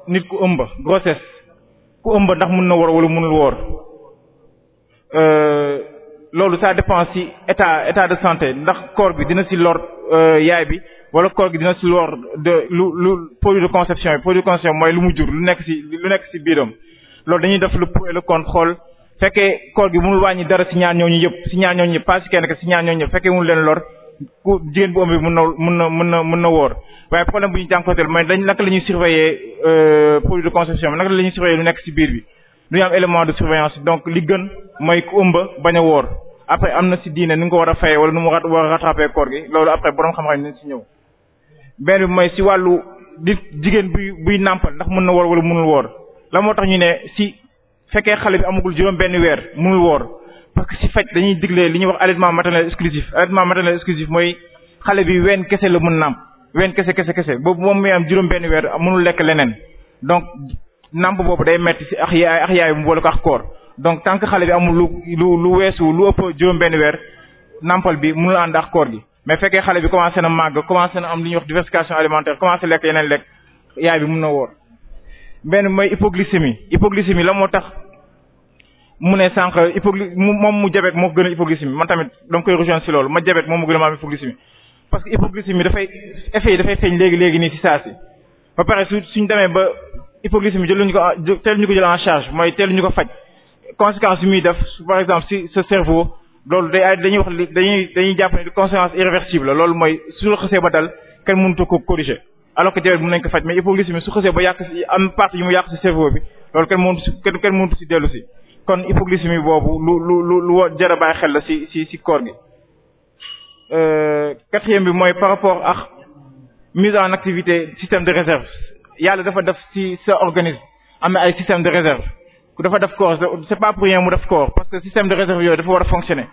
nit ku ëmba grossesse ku ëmba ndax mun na woor wala mënul woor euh, loolu ça dépend ci état état de santé ndax corps bi dina ci lor euh, yaay bi wala corps gi dina ci lor de lu lu produit de conception bi produit de conception mooy lu mu jur lu nekk ci lu nekk ci biiram. loolu dañuy def le pour et le xool fekkee koor gi mënul wàññi dara si ñaar ñooñu yëpp si ñaar ñooñu yëpp pas si kenn si ñaar ñooñu yëpp fekkee mënul leen lor ku jigéen bu ëmb bi mën na mën na mën na mën na wóor waaye problème bu ñu jànkuwanteel mooy dañ naka la ñuy surveiller euh, produit de conception bi la ñuy surveiller lu nekk si biir bi du ñu am donc li gën mooy ku ëmb bañ a wóor après am na si diine ni nga ko war a fayee wala nu mu a rattraper koor gi loolu après borom xam-xam nañ si benn bi mooy si wàllu di jigéen buy buy nàmpal ndax mën na wóor wala mënul woor la moo tax ñu ne si fekkee xale bi amagul juróom benn weer mënul woor parce si faj dañuy diglee li ñuy wax allaitement maternel exclusif allaitement maternel exclusif mooy xale bi ween kese la mën nàmp ween kese kese kese boobu moom muy am juróom benn weer mënul lekk leneen donc nàmp boobu day metti si ax yaay ax yaay mu boole ko ax koor donc tant que xale bi amul lu lu lu weesu lu ëpp juróom benn weer nàmpal bi mënul ànd ak koor gi mais fekkee xale bi commencé na màgg commencé na am li ñuy wax alimentaire commencé lekk yeneen lekk yaay bi mën na woor benn mooy hypoglycémie hypoglycémie la moo tax mu ne sànq hypogly moom mu jabet moo gën a hypoglycémie man tamit dama koy loolu ma jabet moom ma am hypoglycémie parce que hypoglycémie dafay effet yi dafay feeñ léegi léegi nii si saa si ba pare su suñ demee ba hypoglycémie jëluñu ko teel ñu ko jël en charge mooy teel ñu ko faj conséquence bi muy def par exemple si sa cerveau loolu day ay dañuy wax dañuy dañuy jàpp ne conséquence irréversible loolu mooy su la xasee ba dal kenn mun mënut ko corriger alors que diabète mën nañ ko faj mais mi su xasee ba yàq si am partie yu mu yàq si cerveau bi loolu kenn mënut si kenn kenn mënut si dellu si kon boobu lu lu lu lu jar a bàyyi xel la si si si koor gi. Euh, quatrième bi mooy par rapport ak mise en activité système de réserve yàlla dafa def si sa organisme am na ay système de réserve ku dafa def corps c'est pas pour mu def corps parce que système de réserve yooyu dafa war a fonctionner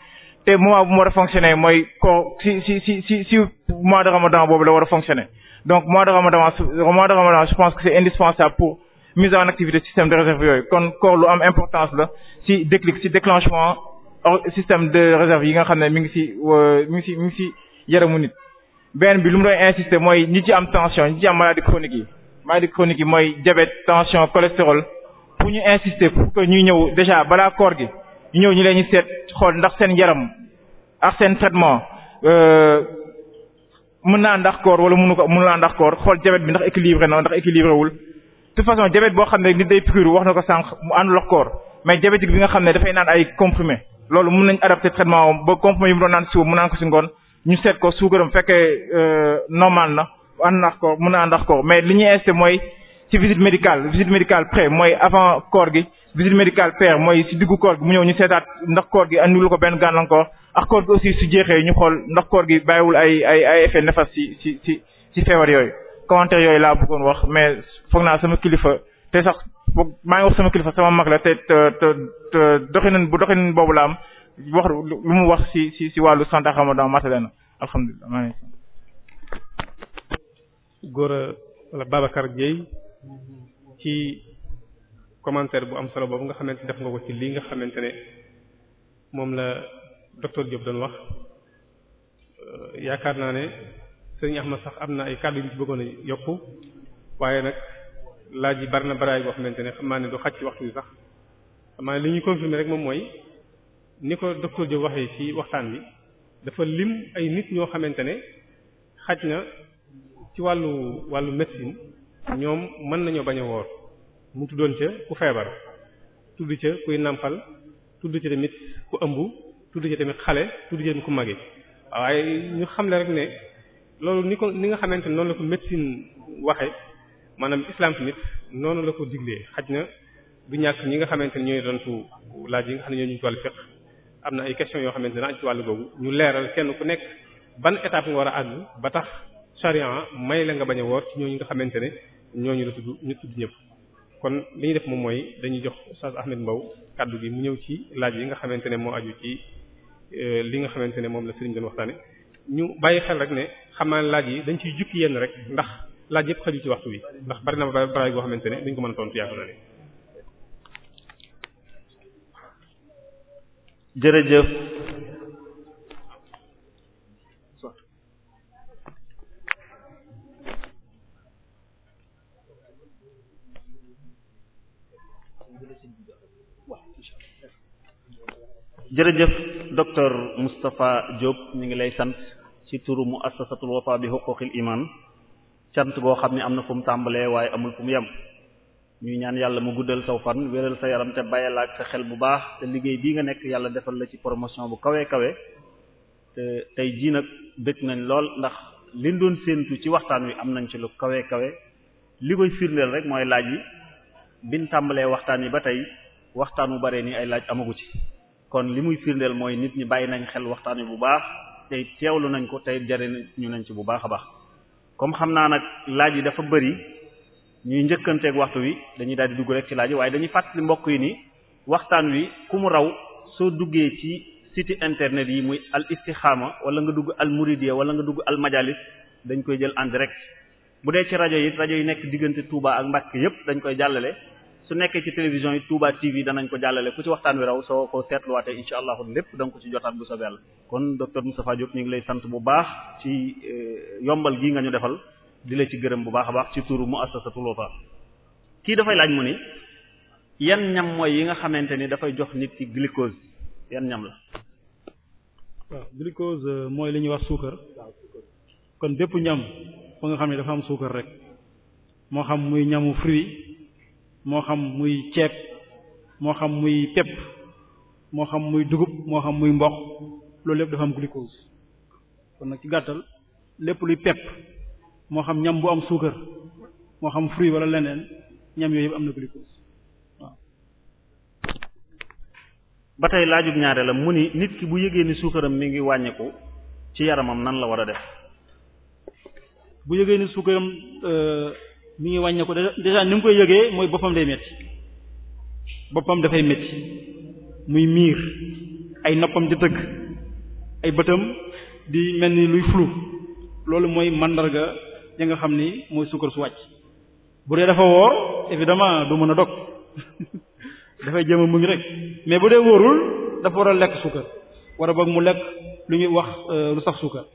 te moment bu mu war a fonctionner mooy corps si si si si si mois boobu la war a fonctionner. donc mois de ramadan mois de ramadan je pense que c'est indispensable pour mise en activité système de réserve yooyu kon koor lu am importance la ci déclic ci déclenchement système de réserve yi nga xam ne mi ngi ci euh, mi ngi ci mi ngi nit benn bi lu mu doon insister mooy ni ci am tension ñi ci am maladie chronique yi maladie chronique yi mooy diabète tension cholestérol pour ñu insister pour que ñuy ñëw déjà balaa koor gi ñu ñëw ñu leen ñu seet xool ndax seen yaram ak seen mën naa ndax koor wala mënu ko mënu naa ndax xool jabet bi ndax équilibré na ndax équilibré wul de toute façon jabet boo xam ne nit day piqûre wax na ko sànq mu àndul ak koor mais diabétique bi nga xam ne dafay naan ay comprimé loolu mun nañ adapté traitement am ba comprimé yi mu doon naan suba mu naan ko si ngoon ñu seet ko suukaram fekkee euh, normal na ànd ndax koor mën naa ndax mais li ñu insisté mooy ci visite médicale visite médicale pré mooy avant koor gi visite médicale pair mooy si diggu ñëw ñu seetaat ndax koor gi andiwul ko benn gàllankoor ak koor gi aussi su jeexee ñu xool ndax koor gi bàyyiwul ay ay ay nefas ci ci ci ci yooyu commentaire yooyu laa bëggoon wax mais foog naa sama kilifa te sax maa ngi wax sama kilifa sama mag la te te bu doxinin boobu la am wax mu wax ci ci ci wàllu santé ramadan matale na alhamdulilah maa ngi góor a wala Babacar Dieye ci commentaire bu am solo boobu nga xamante def nga ko ci lii nga xamante ne moom la docteur Diop doon wax euh, yaakaar naa ne sëriñ Ahmad sax am na ay kàddu yu ci bëggoon a yokku waaye nag laaj yi bari na baraay boo xamante ne xam naa ne du xaj ci waxtu bi sax xam li ñuy confirmer rek moom mooy ni ko docteur Diop waxee ci waxtaan bi dafa lim ay nit ñoo xamante ne xaj na ci wàllu wàllu médecine ñoom mën nañoo bañ a woor mu tuddoon ca ku feebar tudd ca kuy nàmpal tudd ca tamit ku ëmb tudd ci tamit xale tudd ci tamit ku màggee waaye ñu xam xamle rek ne loolu ni ko ni nga xamante noonu la ko médecine waxe maanaam islam tamit noonu la ko diglee xaj na du ñàkk ñi nga xamante ne ñooy dontu laaj yi nga xam ne ñoo ñu ci wàllu am na ay question yoo xamante ne ci wàllu googu ñu leeral kenn ku nekk ban étape nga war a àgg ba tax sharia may la nga bañ a woor ci ñooñu nga xamante ne ñooñu la tudd ñu ñëpp kon li ñu def moom mooy dañuy jox Oustaz Ahmed Mbow kaddu gi mu ñëw ci laaj yi nga xamante ne moo aju ci Euh, li nga xamante ne moom la sëriñ doon waxtaane ñu bàyyi xel rek ne xam naa laaj yi dañ ciy jukki yenn rek ndax laaj yëpp xaju ci waxtu bi ndax bari na ba bari boo xamante ne duñ ko mën a tontu yaakaar naa ne. docteur Moustapha Diop ñu ngi lay sant ci turu muassasatul Wafa bi huquqil imaan sant goo xam ne am na fu mu tàmbalee waaye amul fu mu yem ñuy ñaan yàlla mu guddal saw fan wéral sa yaram te bàyyi la sa xel bu baax te liggéey bii nga nekk yàlla defal la ci promotion bu kawe kawee te tey jii nag bëgg nañ lool ndax liñ doon séentu ci waxtaan wi am nañ ci lu kawee kawe li koy firndeel rek mooy laaj yi biñ tàmbalee waxtaan yi ba tey waxtaan wu bare nii ay laaj amagu ci. kon li muy firndeel mooy nit ñi bàyyi nañ xel waxtaan wi bu baax tey teewlu nañ ko tey jariñ ñu nañ ci bu baax a baax comme xam naa nag laaj yi dafa bëri ñuy njëkkanteeg waxtu wi dañuy daal di dugg rek ci laaj waaye dañuy fàttali mbokk yi ni waxtaan wi ku mu raw soo duggee ci site internet yi muy al istixaama wala nga dugg al muridiya wala nga dugg al majalis dañ koy jël en direct bu dee ci rajo yi rajo yi nekk diggante Touba ak Mbacke yépp dañ koy jàllale su nekkee ci télévision yi Touba TV danañ ko jàllale ku ci waxtaan wi raw soo ko seetluwaatee incha allahu lépp da nga ko ci jotaat bu soobee Yàlla kon docteur Moustapha Diop ñu ngi lay sant bu baax ci eh, yombal gii nga ñu defal di la ci gërëm bu baax a baax ci turu muassasatul Wafa kii dafay laaj mu ni yan ñam mooy yi nga xamante ni dafay jox nit ki glucose yan ñam la. glucose euh, mooy li ñuy wax suukar kon bépp ñam ba nga xam ne dafa am suukar rek moo xam muy ñamu moo xam muy ceeb moo xam muy pepp moo xam muy dugub moo xam muy mboq loolu lépp dafa am glucose kon nag ci gàttal lépp luy pepp moo xam ñam bu am suukar moo xam fruit walla leneen ñam yooyu yëpp am na glucose waaw. ba tey laajub ñaare la mu ni nit ki bu yëgee ni suukaram mi ngi wàññeeku ci yaramam nan la war a def. bu yëgee ni suukaram euh, mi ngi wàññi ko déjà ni mu koy yëgee mooy boppam day métti boppam dafay métti muy miir ay noppam di tëgg ay bëtam di mel ni luy flou loolu mooy màndarga ya nga xam ni mooy sukkar su wàcc bu dee dafa woor évidemment du mën a dog dafay jëm a muñ rek mais bu dee wóorul dafa war a lekk sukkar war a boog mu lekk lu ñuy wax euh, lu saf sukkar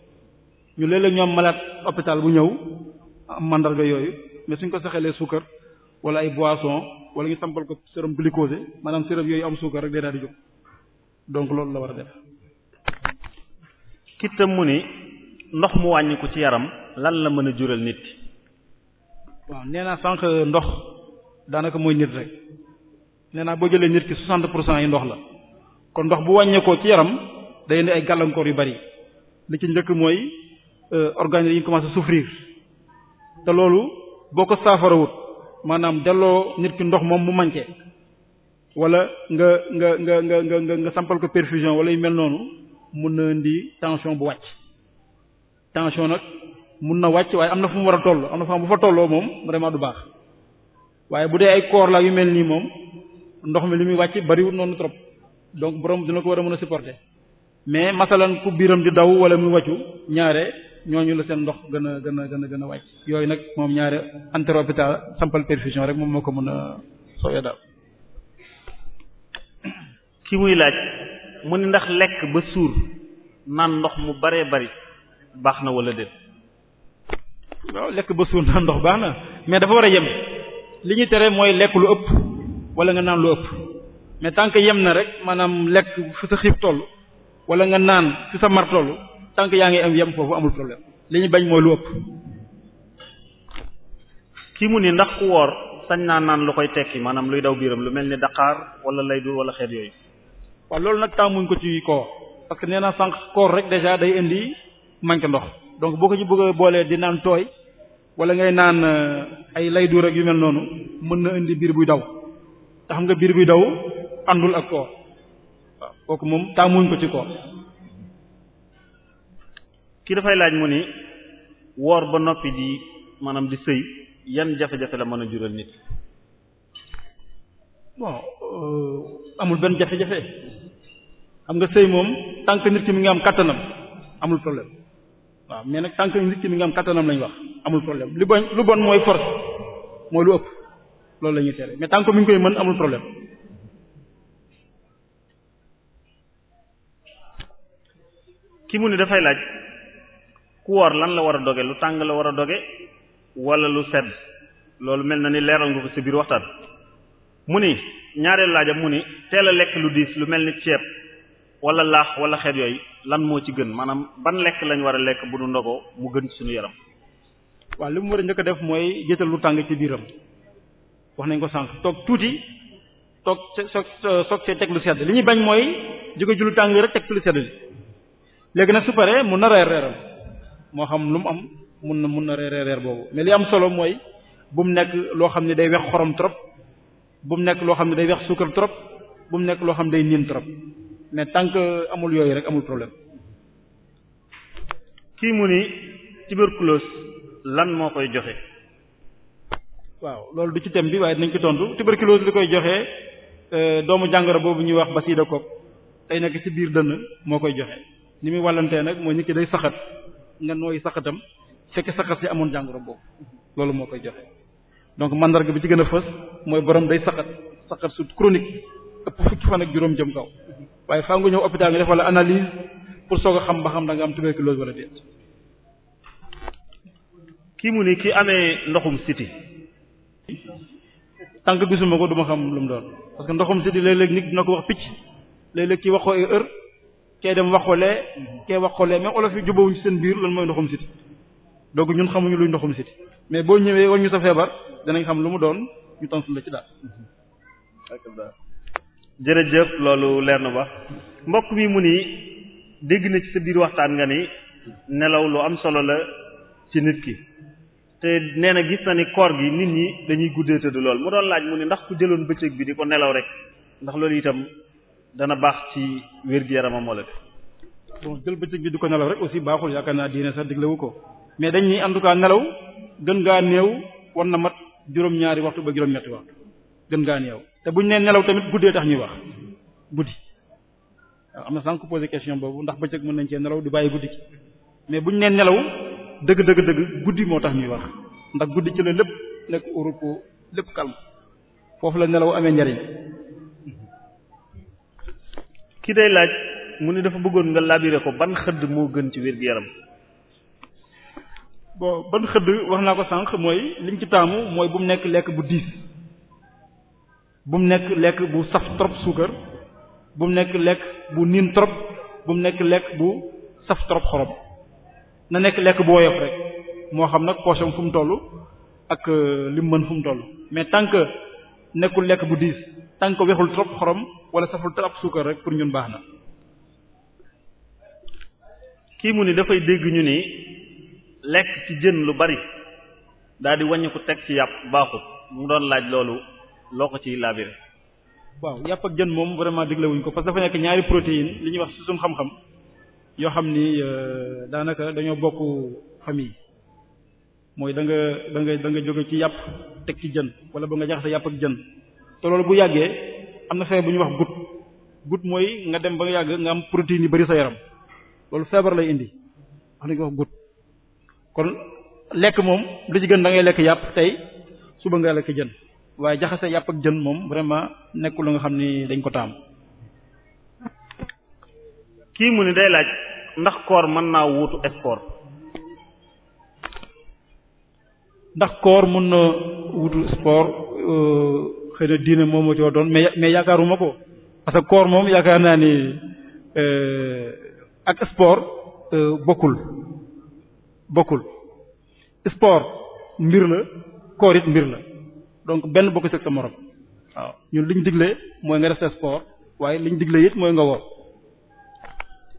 ñu léeg-léeg ñoom malaat hôpital bu ñëw am mandarga yooyu mais suñ ko saxalee suukar wala ay boisson wala ñu sampal ko sérum glucosé maanaam sérum yooyu am suukar rek day daal di jóg donc loolu la war a def. kittam mu ni ndox mu wàññi ci yaram lan la mën a jural nit. waaw nee naa sànq ndox daanaka mooy nit rek nee naa boo jëlee nit ki 60 pour cent yi ndox la kon ndox bu wàññeekoo ci yaram day indi ay gàllankoor yu bari li ci njëkk mooy euh, organes yi ñu commencé souffrir te loolu boo ko saafarawut maanaam delloo nit ki ndox moom mu manqué wala nga nga nga nga nga nga sampal ko perfusion wala yu mel noonu mun na indi tension bu wàcc tension nag mun na wàcc waaye am na fu mu war a toll am na fu bu fa tolloo moom vraiment du baax waaye bu dee ay koor la yu mel nii moom ndox mi li muy wàcc bariwut noonu trop donc borom dina ko war a mën a supporter mais masalan ku biiram di daw wala muy wàccu ñaare ñooñu la seen ndox gën a gën a gën a gën a wàcc yooyu nag moom ñaari entéropéta sampal perfusion rek moom moo ko mën a sooyee daal. ki muy laaj mu ne ndax lekk ba suur naan ndox mu baree bari baax na wala déet. waaw lekk ba suur naan ndox baax na mais dafa war a yem li ñu tere mooy lekk lu ëpp wala nga naan lu ëpp mais tant que yem na rek maanaam lekk fu sa xiif toll wala nga naan fu sa mar toll. tant yaa ngi am yem foofu amul problème li ñu bañ mooy lu ëpp ki mu ni ndax ku woor sañ naa naan lu koy tekki maanaam luy daw biiram lu mel ni daqaar wala lay du wala xeet yooyu waaw loolu nag tàmmuñ ko ci koor parce que nee na sànq koor rek déjà day indi manque ndox donc boo ko ci bëgg boolee di naan tooy wala ngay naan euh, ay lay du rek yu mel noonu mën na indi biir buy daw te xam nga biir buy daw àndul ak koor waaw kooku moom tàmmuñ ko ci koor kii dafay laaj mu ni woor ba noppi di maanaam di sëy yan jafe-jafe la mën a jural nit bon euh, amul benn jafe-jafe xam nga sëy moom tànk nit ki mi ngi am kattanam amul problème waaw mais nag tànk nit ki mi nga am kàttanam lañu wax amul problème li bon lu bon mooy force mooy lu ëpp loolu la ñuy tere mais tànk que mi ngi koy mën amul problème ki mu ne dafay laaj ku woor lan la war a doge lu tàng la war a doge walla lu sedd loolu mel na ni leeral nga ko ci biir waxtaan mu ni ñaareel laajam mu ni teel a lekk lu diis lu mel ni ceeb wala laax wala xeet yooyu lan moo ci gën maanaam ban lekk lañ war a lekk bu nu ndogoo mu gën ci suñu yaram waa li mu war a njëkk def mooy jëtal lu tàng ci biiram wax nañ ko sànq toog tuuti toog soog soog see teg lu sedd li ñuy bañ mooy jóge ju lu tàng rek teg ci sedd léegi nag mu nar moo xam lu mu am mun na mun na reer reer boobu mais li am solo mooy bu mu nekk loo xam ne day wex xorom trop bu mu nekk loo xam ne day wex suukar trop bu mu nekk loo xam ne day niin trop mais tant que amul yooyu rek amul problème. kii mu ni tuberculose lan moo koy joxe. waaw loolu du ci thème bi waaye dinañ ko tontu tuberculose li koy joxe euh, doomu jàngoro boobu ñuy wax basiidakook day nekk ci biir dënn moo koy joxe ni muy wàllantee nag mooy nit ki day saxat. nga nooy saxatam fekk saxat si amoon jàngoro boobu loolu moo koy joxe donc mandarga bi ci gën a fës mooy borom day saxat saxat su chronique ëpp fukki fan ak juróom jëm kaw waaye faa nga ñëw hôpital nga defal analyse pour soog a xam ba xam da nga am tuberculose wala déet. kii mu ni ki amee ndoxum siti tànk gisuma ko duma xam lu mu doon parce que ndoxum siti léeg-léeg nit dina ko wax picc léeg-léeg ci waxoo ay kee dem wax ko lee kee wax ko lee mais olof yi jubawuñ seen biir lan mooy ndoxum siti donc ñun xamuñu luy ndoxum siti mais boo ñëwee wañu sa feebar danañ xam lu mu doon ñu tontu la jërëjëf loolu leer na ba mbokk mi mu nii dégg na ci biir waxtaan nga ni nelaw lu am solo la ci nit ki te nee na gis na ni koor gi nit ñi dañuy guddee tëdd lool mu doon laaj mu ni ndax ku jëloon bëccëg bi di ko nelaw rek ndax loolu itam. dana baax ci wér-gu-yaramam wala bon jël bëccëg bi du ko nelaw rek aussi baaxul yaakaar naa diine sax diglewu ko mais dañ ni en tout cas nelaw gën ngaa néew war na mat juróom-ñaari waxtu ba juróom-ñetti waxtu gën ngaa néew te buñ neen nelaw tamit guddee tax ñuy wax guddi waaw am na sànq posé question boobu ndax bëccëg mën nañ cee nelaw di bàyyi guddi mais bu buñ nee nelaw dëgg dëgg dëgg guddi moo tax ñuy wax ndax guddi ci la lépp nekk uruku lépp foofu la nelaw amee njariñ ki day laaj mu ne dafa bëggoon nga labiré ko ban xëdd moo gën ci wér-gu-yaram. bon ban xëdd wax naa ko sànq mooy lim ci taamu mooy bu mu nekk lekk bu diis bu mu nekk lekk bu saf trop suukar bu mu nekk lekk bu niin trop bu mu nekk lekk bu saf trop xorom na nekk lekk bu woyof rek moo xam nag poche fu mu toll ak euh, li mën fu mu toll mais tant que nekkul lekk bu diis. tant ko wexul trop xorom wala saful trop suukar rek pour ñun baax na kii mu ni dafay dégg ñu ni lekk ci jën lu bari daal di wàññi ko teg ci yàpp baaxut mu doon laaj loolu loo ko ci laabire waaw yàpp ak jën moom vraiment déglewuñ ko parce dafa nekk ñaari protéine li ñu wax ci suñu xam-xam yoo xam ni euh, daanaka dañoo bokk famille mooy danga nga da nga jóge ci yàpp teg ci jën wala ba nga jaxase yàpp ak jën te loolu bu yàggee am na feebar bu ñuy wax goutte goutte mooy nga dem ba yàgg nga am protéine yu bari sa yaram loolu feebar lay indi wax nañ ko kon lekk moom li ci da ngay lekk yàpp tey suba nga lekk jën waaye jaxase yàpp ak jën moom vraiment nekkul lu nga xam ni dañ ko taam. kii mu ni day laaj ndax koor mën naa wuutu sport ndax koor mën na wuutu sport. Euh, xëy na diine moom moo ci war doon mais mais yaakaaruma ko parce que koor moom yaakaar naa ni euh, ak sport euh, bokkul bokkul sport mbir la koor it mbir la donc benn bokk ci sa morom waaw ñun liñ digle mooy nga def sa sport waaye liñ digle it mooy nga woor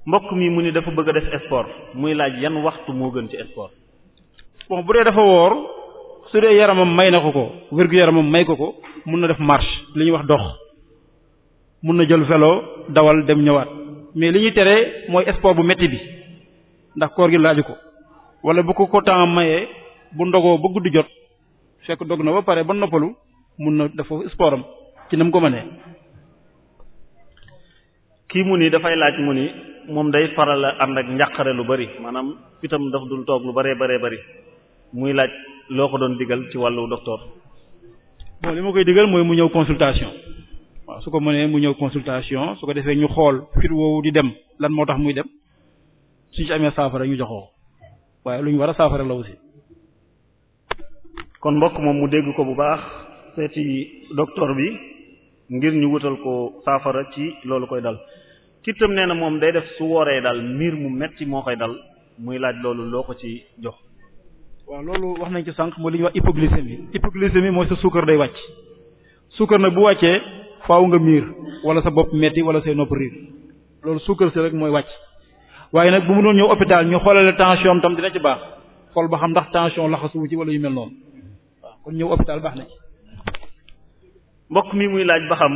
mbokk mi mu ni dafa bëgg a def sport muy laaj yenn waxtu moo gën ci sport bon bu dee dafa woor su dee yaramam may na ko ko wérgu yaramam may ko ko mun na def marche li ñuy wax dox mun na jël vélo dawal dem ñëwaat mais li ñuy teree mooy sport bu metti bi ndax koor gi laaju ko wala bu ko ko temps mayee bu ndogoo ba guddi jot fekk dog na ba pare ba noppalu mun na def sportam ci nam ko mënee. kii mu ni dafay laaj mu ni moom day faral a ànd ak njàqare lu bari maanaam itam daf dul toog lu baree baree bari muy laaj. loo ko doon diggal ci wàllu docteur. bon li ma koy digal mooy mu ñëw consultation waaw su ko mënee mu ñëw consultation su ko defee ñu xool fit woowu di dem lan moo tax muy dem suñ ci amee ñu joxoo waaye lu ñu war a saafara la aussi. kon mbokk moom mu dégg ko bu baax seeti docteur bi ngir ñu wutal ko saafara ci loolu koy dal kiitam nee na moom day def su wooree daal miir mu metti moo koy dal muy laaj loolu loo ko ci jox. waaw loolu wax nañ ci sànq mooy li ñuy wax hypoglycémie hypoglycémie mooy sa suukar day wàcc suukar nag bu wàccee faw nga miir wala sa bopp metti wala say nopp riir loolu suukar si rek mooy wàcc waaye nag bu mu doon ñëw hôpital ñu xoolale tension am tam dina ci baax xool ba xam ndax tension laxasuwu ci wala yu mel noonu kon ñëw hôpital baax na mbokk mi muy laaj ba xam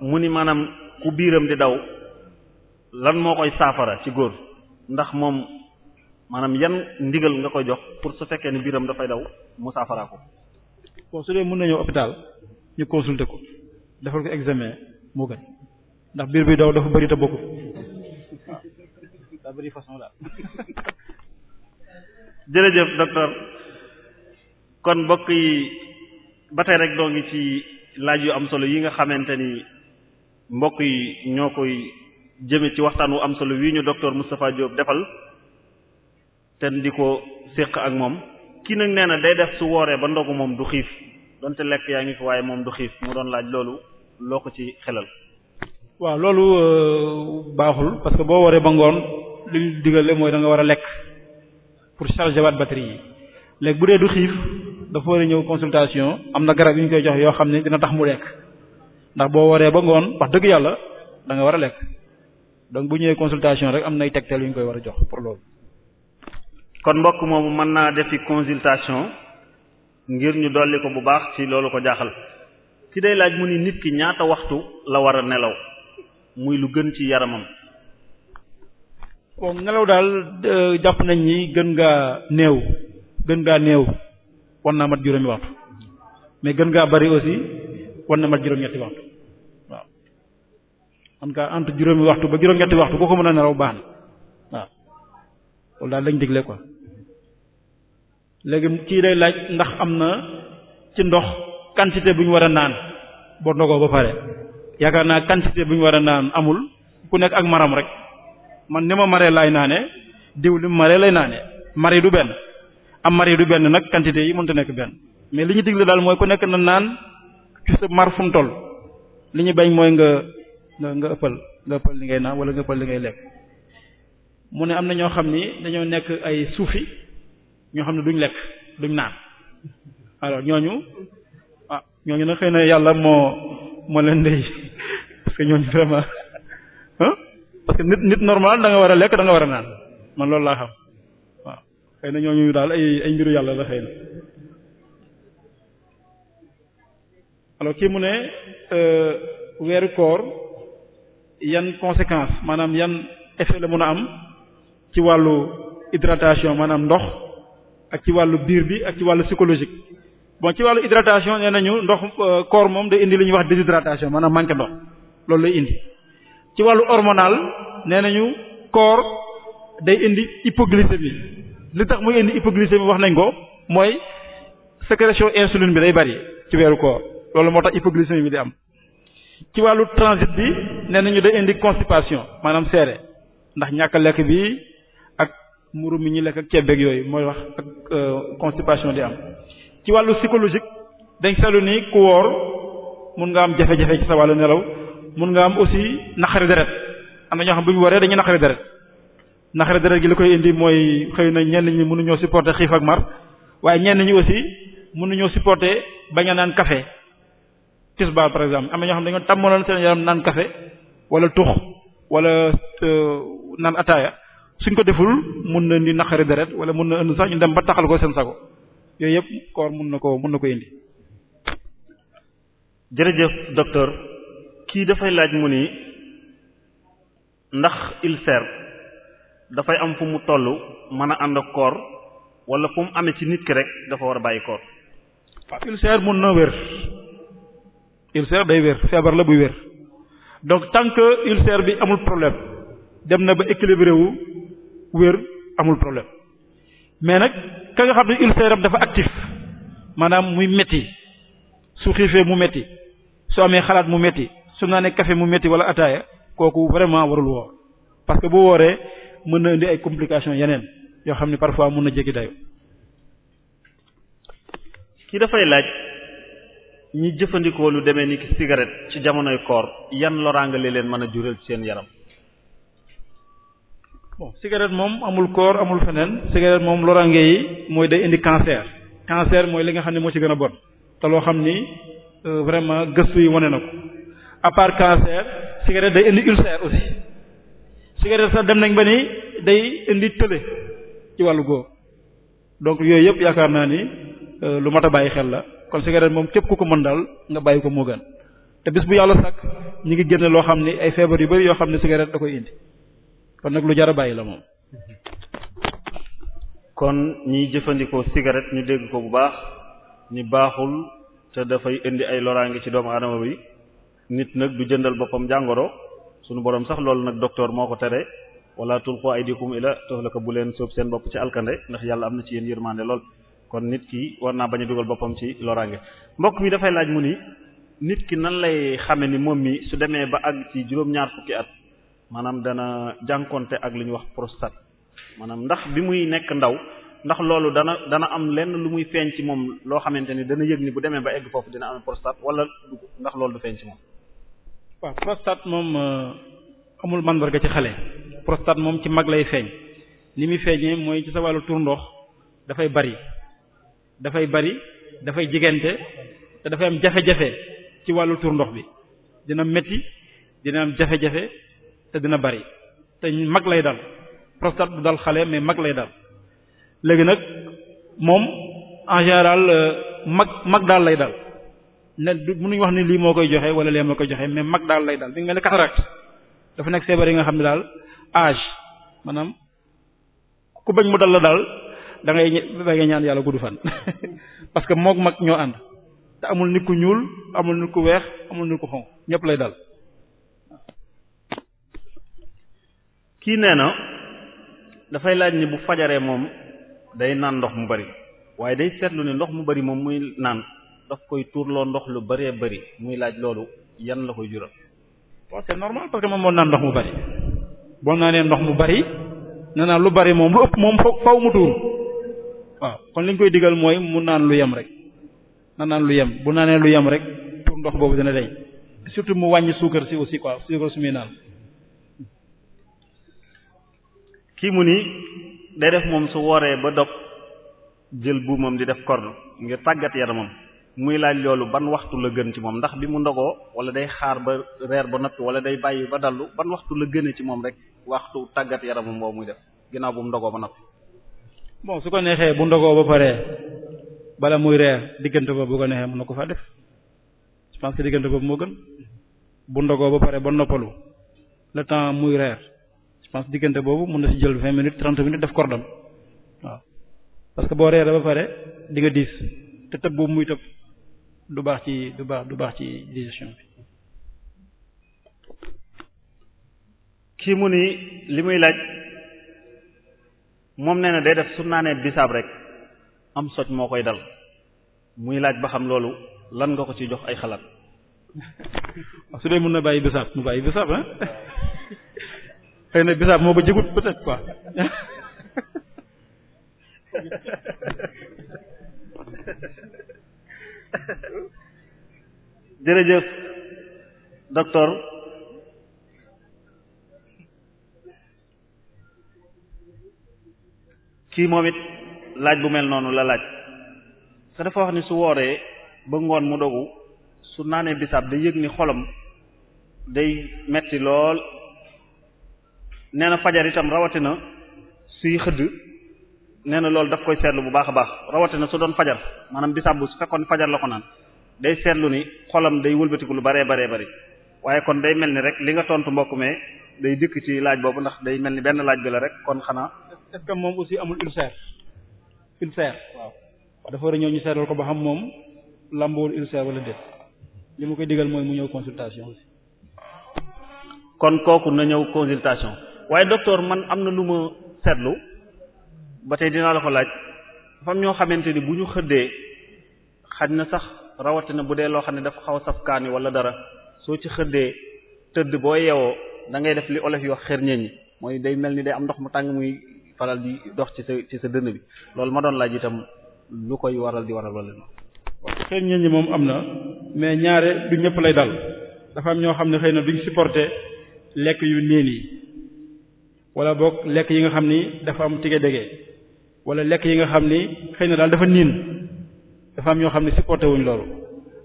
mu ni maanaam ku biiram di daw lan moo koy saafara ci góor ndax moom. maanaam yan ndigal nga koy jox pour su fekkee ne biiram dafay daw mu saafara ko. bon su dee mën na ñëw ñu consulter ko defal ko examen moo gën ndax biir bi daw dafa bari te bokkul waaw daa façon daal. jërëjëf docteur kon mbokk yi ba tey rek doo ngi ci laaj yu am solo yi nga xamante ni mbokk yi ñoo koy jëme ci waxtaan wu am solo wii ñu docteur Moustapha Diop defal. ten di ko séq ak moom kii nag nee na day def su wooree ba ndogu moom du xiif donte lekk yaa ngi fi waaye moom du xiif moo doon laaj loolu loo ko ci xelal. waaw loolu euh, baaxul parce que boo waree ba ngoon li ñu digale mooy da nga war a lekk pour charger waat batterie yi léegi bu dee du xiif dafa war a ñëw consultation am na garab yu ñu koy jox yoo xam ne dina tax mu lekk ndax boo waree ba ngoon wax dëgg yàlla da nga war a lekk donc bu ñëwee consultation rek am nay tegtal yu ñu koy war a jox pour loolu. kon mbokk moomu mën naa defi consultation ngir ñu dolli ko bu baax ci loolu ko jaaxal ci day laaj mu ni nit ki ñaata waxtu la war a nelaw muy lu gën ci yaramam. bon nelaw daal jàpp nañ ni gën ngaa néew gën ngaa néew war naa mat juróomi waxtu mais gën ngaa bari aussi war na mat juróom-ñetti waxtu waaw. juróomi waxtu ba juróom waxtu boo ko mën a nelaw baax na waaw loolu daal dañ digle quoi. léegi kii day laaj ndax am na ci ndox quantité bu ñu war a naan boo ndogoo ba pare yaakaar naa quantité bu ñu war a naan amul ku nekk ak maram rek man ni ma maree laay naane diw li mu maree lay naane mari du benn am mari du benn nag quantité yi mënta nekk benn mais li ñu digle daal mooy ku nekk na naan ci mar fu toll li ñu bañ mooy nga nga nga ëppal nga ëppal li ngay naan wala nga ëppal li ngay lekk mu ne am na ñoo xam ni dañoo nekk ay suufi ñoo xam ne duñ lekk duñ naan alors ñooñu ah ñooñu nag xëy na yàlla moo moo leen dey parce ñooñu vraiment ah parce que nit nit normal da war a lekk da nga war a naan man loolu laa xam waaw xëy na ñooñu daal ay ay mbiru yàlla la xëy na alors kii mu ne euh, weeru koor yan conséquence maanaam yan effet la mën a am ci wàllu hydratation maanaam ndox ak ci wàllu biir bi ak ci wàllu psychologique bon ci wàllu hydratation nee nañu ndox corps euh, moom day indi li ñuy wax déshydratation maanaam manqué ndox loolu lay indi ci wàllu hormonal nee nañu corps day indi bi li tax muy indi hypoglycémie wax nañ ko mooy sécrétion insuline bi day bari ci weeru koor loolu moo tax hypoglycémie bi di am ci wàllu transit bi nee nañu day indi constipation maanaam seere ndax ñàkk lekk bi mburu mi ñu lekk ak ceeb beeg yooyu mooy wax ak euh, constipation di am ci wàllu psychologique dañ seetlu ni ku woor mun nga am jafe-jafe ci sa wàllu nelaw mun nga am aussi naqari deret am na ñoo xam bu ñu waree dañuy naqari deret naqari deret gi li koy indi mooy xëy na ñenn ñi mënuñoo supporter xiif ak mar waaye ñenn ñi aussi mënuñoo supporter bañ a naan kafe café tisbaar par exemple am na ñoo xam dañoo tàmmaloon seen yaram naan kafe wala tux wala euh, naan ataaya suñ ko deful mun na indi naqari deret wala mun na indi sax ñu dem ba taxal ko seen sago yooyu yëpp koor mun na ko mun na ko indi. jërëjëf docteur kii dafay laaj mu ni ndax ulcère dafay am fu mu toll mën a ànd ak koor wala fu mu amee ci nit ki rek dafa war a bàyyi koor. waaw ulcère mun na wér ulcère day wér feebar la buy wér donc tant que ulcère bi amul problème dem na ba équilibré wu. wér amul problème mais nag ka nga xam ne il sa yaram dafa actif maanaam muy metti su xiifee mu metti su amee xalaat mu metti su naa ne kafe mu metti wala ataaya kooku vraiment warul woo parce que bu wooree mën na indi ay complications yeneen yoo xam ne parfois mun na jéggi dayo ki dafay laaj ñi jëfandikoo lu demee ni ki cigarette ci jamonoy koor yan loraange leen mën a jural ci seen yaram. bon cigarette moom amul koor amul feneen cigarette moom lorange yi mooy day indi cancer cancer mooy li nga xam ne moo ci gën a bon te loo xam ni euh, vraiment gëstu yi wane na ko à part cancer cigarette day indi ulcère aussi cigarette sax dem nañ ba ni day indi tële ci wàllu goo donc yooyu yëpp yaakaar naa ni euh, lu mat a bàyyi xel la kon cigarette moom képp ku ko mën daal nga bàyyi ko moo gën te bis bu yàlla sàkk ñu ngi génne loo xam ni ay feebar yu bari yoo xam ne cigarette da koy indi kon nag lu jar a bàyyi la moom. kon ñiy jëfandikoo cigarette ñu dégg ko bu baax ni baaxul te dafay indi ay loraange ci doomu aadama bi nit nag du jëndal boppam jàngoro sunu borom sax loolu nag docteur moo ko tere wala tulqu aydikum ila ko bu leen sóob seen bopp ci alkande ndax yàlla am na ci yéen yërmande lool kon nit ki war naa bañ a dugal boppam ci loraange mbokk mi dafay laaj mu ni nit ki nan lay xame ni moom mi su demee ba àgg ci juróom-ñaar fukki at. maanaam dana jànkonte ak lu ñuy wax prostate maanaam ndax bi muy nekk ndaw ndax loolu dana dana am lenn lu muy feeñ ci moom loo xamante ni dana yëg ni bu demee ba egg foofu dina am prostate wala ndax loolu du feeñ ci moom. waaw prostate moom euh, amul mandarga ci xale prostate moom ci mag lay feeñ li muy feeñee mooy ci sa wàllu tur ndox dafay bari dafay bari dafay jiggante te dafay am jafe-jafe ci wàllu turndox bi dina metti dina am jafe-jafe. te dina bari te mag lay dal prostate du dal xale mais mag lay dal léegi nag moom en général euh, mag mag daal lay dal ne du mënuñ wax ni lii moo koy joxe wala lee moo koy joxe mais mag daal lay dal bi nga mel ni cataracte dafa nekk feebar yi nga xam ne daal âge maanaam ku bañ mu dal la daal da ngay ñaan yàlla gudd fan parce que mook mag ñoo ànd te amul nit ku ñuul amul nit ku weex amul nit ku xonq ñépp lay dal. kii nee na dafay laaj ni bu fajaree moom day naan ndox mu bari waaye day seetlu ni ndox mu bari moom muy naan daf koy tuurloo ndox lu bëree bari muy laaj loolu yan la koy jural. bon c'est normal parce moom moo naan ndox mu bari boo naanee ndox mu bari nee naa lu bari moom lu ëpp moom foog faw mu tuur waaw kon li ñu koy digal mooy mu naan lu yem rek na naan lu yem bu naanee lu yem rek tuur ndox boobu dina dey surtout mu wàññi suukar si aussi quoi suukar su naan. kii mu ni day def moom su wooree ba dog jël buumam di def korn ngir tàggat yaramam muy laaj loolu ban waxtu la gën ci moom ndax bi mu ndogoo wala day xaar ba reer ba noppi wala day bàyyi ba dallu ban waxtu la gën ci moom rek waxtu tàggat yaramam boobu muy def ginnaaw bu mu ndogoo ba noppi. bon su ko neexee bu ndogoo ba paree bala muy reer diggante boobu bu ko neexee mun na ko faa def je pense que diggante boobu moo gën bu ndogoo ba pare ba noppalu le temps muy reer. pense diggante boobu mën na ci jël vingt minutes trente minutes def cordon waaw parce que boo reere ba pare di nga diis te tëb boobu muy tëb du baax ci du baax du baax ci digestion bi. kii mu ni li muy laaj moom nee na day def su naanee bisaab rek am soj moo koy dal muy laaj ba xam loolu lan nga ko ci jox ay xalaat. su dee mun na bàyyi bisaab mu bàyyi bisaab ah. xëy na bisaab moo ko jëgut peut-être quoi jërëjëf docteur kii moom it laaj bu mel noonu la laaj te dafa wax ni su wooree ba ngoon mu dogu su naanee bisaab day yëg ni xolam day metti lool nee na fajar itam rawatina suy xëdd nee na loolu daf koy seetlu bu baax a baax rawatina su doon fajar manam bi sàbbu su fekkoon fajar la ko naan day seetlu ni xolam day wëlbatiku lu baree baree bari waaye kon day mel ni rek li nga tontu mbokk mee day dikk ci laaj boobu ndax day mel ni benn laaj bi la rek kon xanaa. est-ce moom aussi amul ulcère ulcère waaw dafa war a ñëw ñu seetal ko ba xam moom lambul ulcère wala déet li ma koy digal mooy mu ñëw consultation kon kooku na ñëw consultation. waaye docteur man am na lu ma seetlu ba tey dinaa la ko laaj dafa am ñoo xamante ni bu ñu xëddee xaj na sax rawatina bu dee loo xam ne dafa xaw a safkaani wala dara soo ci xëddee tëdd boo yeewoo da ngay def li olof yi wax xërñeñ ñi mooy day mel ni day am ndox mu tàng muy faral di dox ci sa ci sa dënn bi loolu ma doon laaj itam lu koy waral di waral wala. xërñeñ moom am na mais ñaare ñëpp lay dal dafa ñoo xam ne xëy na duñ supporter lekk yu néew yi. wala boog lekk yi nga xam ni dafa am tige dege wala lekk yi nga xam ni xëy na daal dafa niin dafa am ñoo xam ne supporté wuñ loolu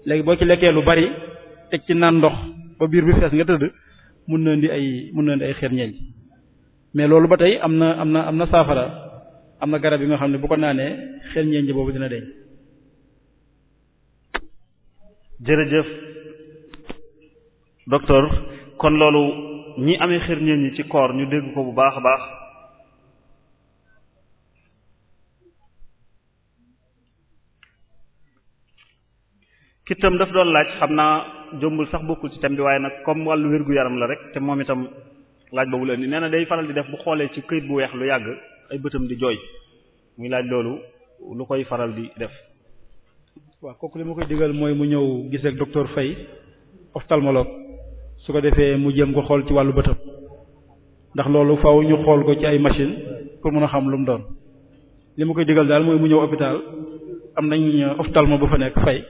léegi boo ci lekkee lu bari teg ci naan ndox ba biir bi fees nga tëdd mun na indi ay mun na indi ay xeer ñeeñ mais loolu ba tey am na am na am na saafara am na garab yi nga xam ne bu ko naanee xeer ñeeñ boobu dina deñ jërëjëf docteur kon loolu ñi amee xërñeen ñi ci koor ñu dégg ko bu baax a baax kitam daf doon laaj xam naa jombul sax bokkul ci tam bi waaye nag comme wàll wér-gu-yaram la rek te moom itam laaj boobu la indi nee na day faral di def bu xoolee ci këyit bu weex lu yàgg ay bëtam di jooy muy laaj loolu lu koy faral di def waaw kooku li ma koy digal mooy mu ñëw gisee ak docteur Faye su ko defee mu jëm ko xool ci wàllu bëtam ndax loolu faw ñu xool ko ci ay machine pour mën a xam lu mu doon li ma koy digal daal mooy mu ñëw hôpital am nañ uh, ma bu fa nekk fay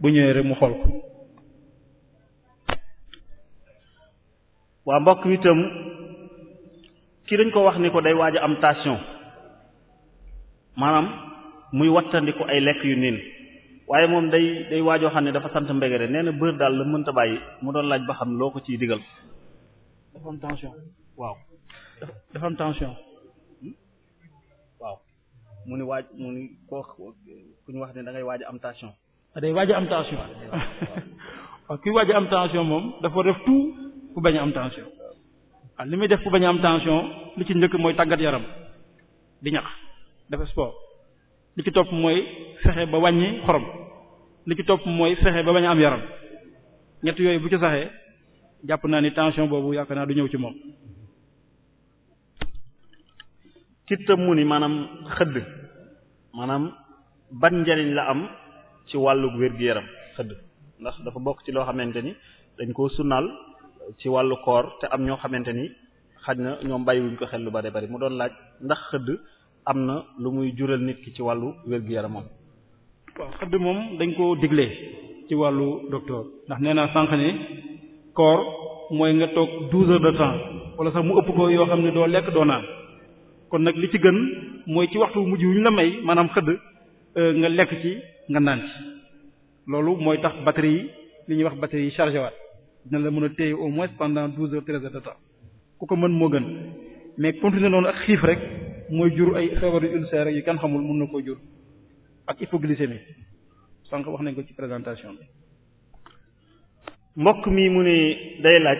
bu ñëwee rek mu xool ko waa mbokk itam kii dañ ko wax ni ko day waaj a am tension maanaam muy wattandiku ay lekk yu niin waaye moom day day waajoo xam ne dafa sant mbégere nee na bër daal la mënta bàyyi mu doon laaj ba xam loo ko ciy digal. dafa am tension waaw dafa am tension hmm? waaw ku ñu wax ne da waaj am tension. Ah, day waaj am tension waaw kuy waaj am tension moom dafa def tout ku bañ am tension waaw ah, li muy def ku bañ am tension li ci njëkk mooy tàggat yaram di ñax def sport. li ci topp mooy fexe ba wàññi xorom li ci topp mooy fexe ba bañ am yaram ñett yooyu bu ci saxee jàpp naa ni tension boobu yaakaar naa du ñëw ci moom. kittam mu ni maanaam xëdd maanaam ban njariñ la am ci wàllug wér-gu-yaram xëdd ndax dafa bokk ci loo xamante ni dañ koo sunnaal ci wàllu koor te am ñoo xamante ni xaj na ñoom bàyyiwuñ ko xel lu bari bari mu doon laaj ndax xëdd am na lu muy jural nit ki ci wàllu wér-gu-yaramam. waaw xëdd moom dañ koo diglee ci wàllu docteur ndax nee naa sànq ne koor mooy nga toog douze heures de wala sax mu ëpp ko yoo xam ne doo lekk doo naan kon nag li ci gën mooy ci waxtu mujj wu ñu la may maanaam xëdd euh, nga lekk ci nga naan ci loolu mooy tax batterie yi li ñuy wax batterie yi chargé waat dina la mën a téye au moins pendant douze heures ku ko mën moo gën mais continuer noonu ak xiif rek. mooy jur ay feebaru ulcère yi kenn xamul mën na koo jur ak hypoglycémie sànq wax nañ ko ci présentation bi. mbokk mi mu ne day laaj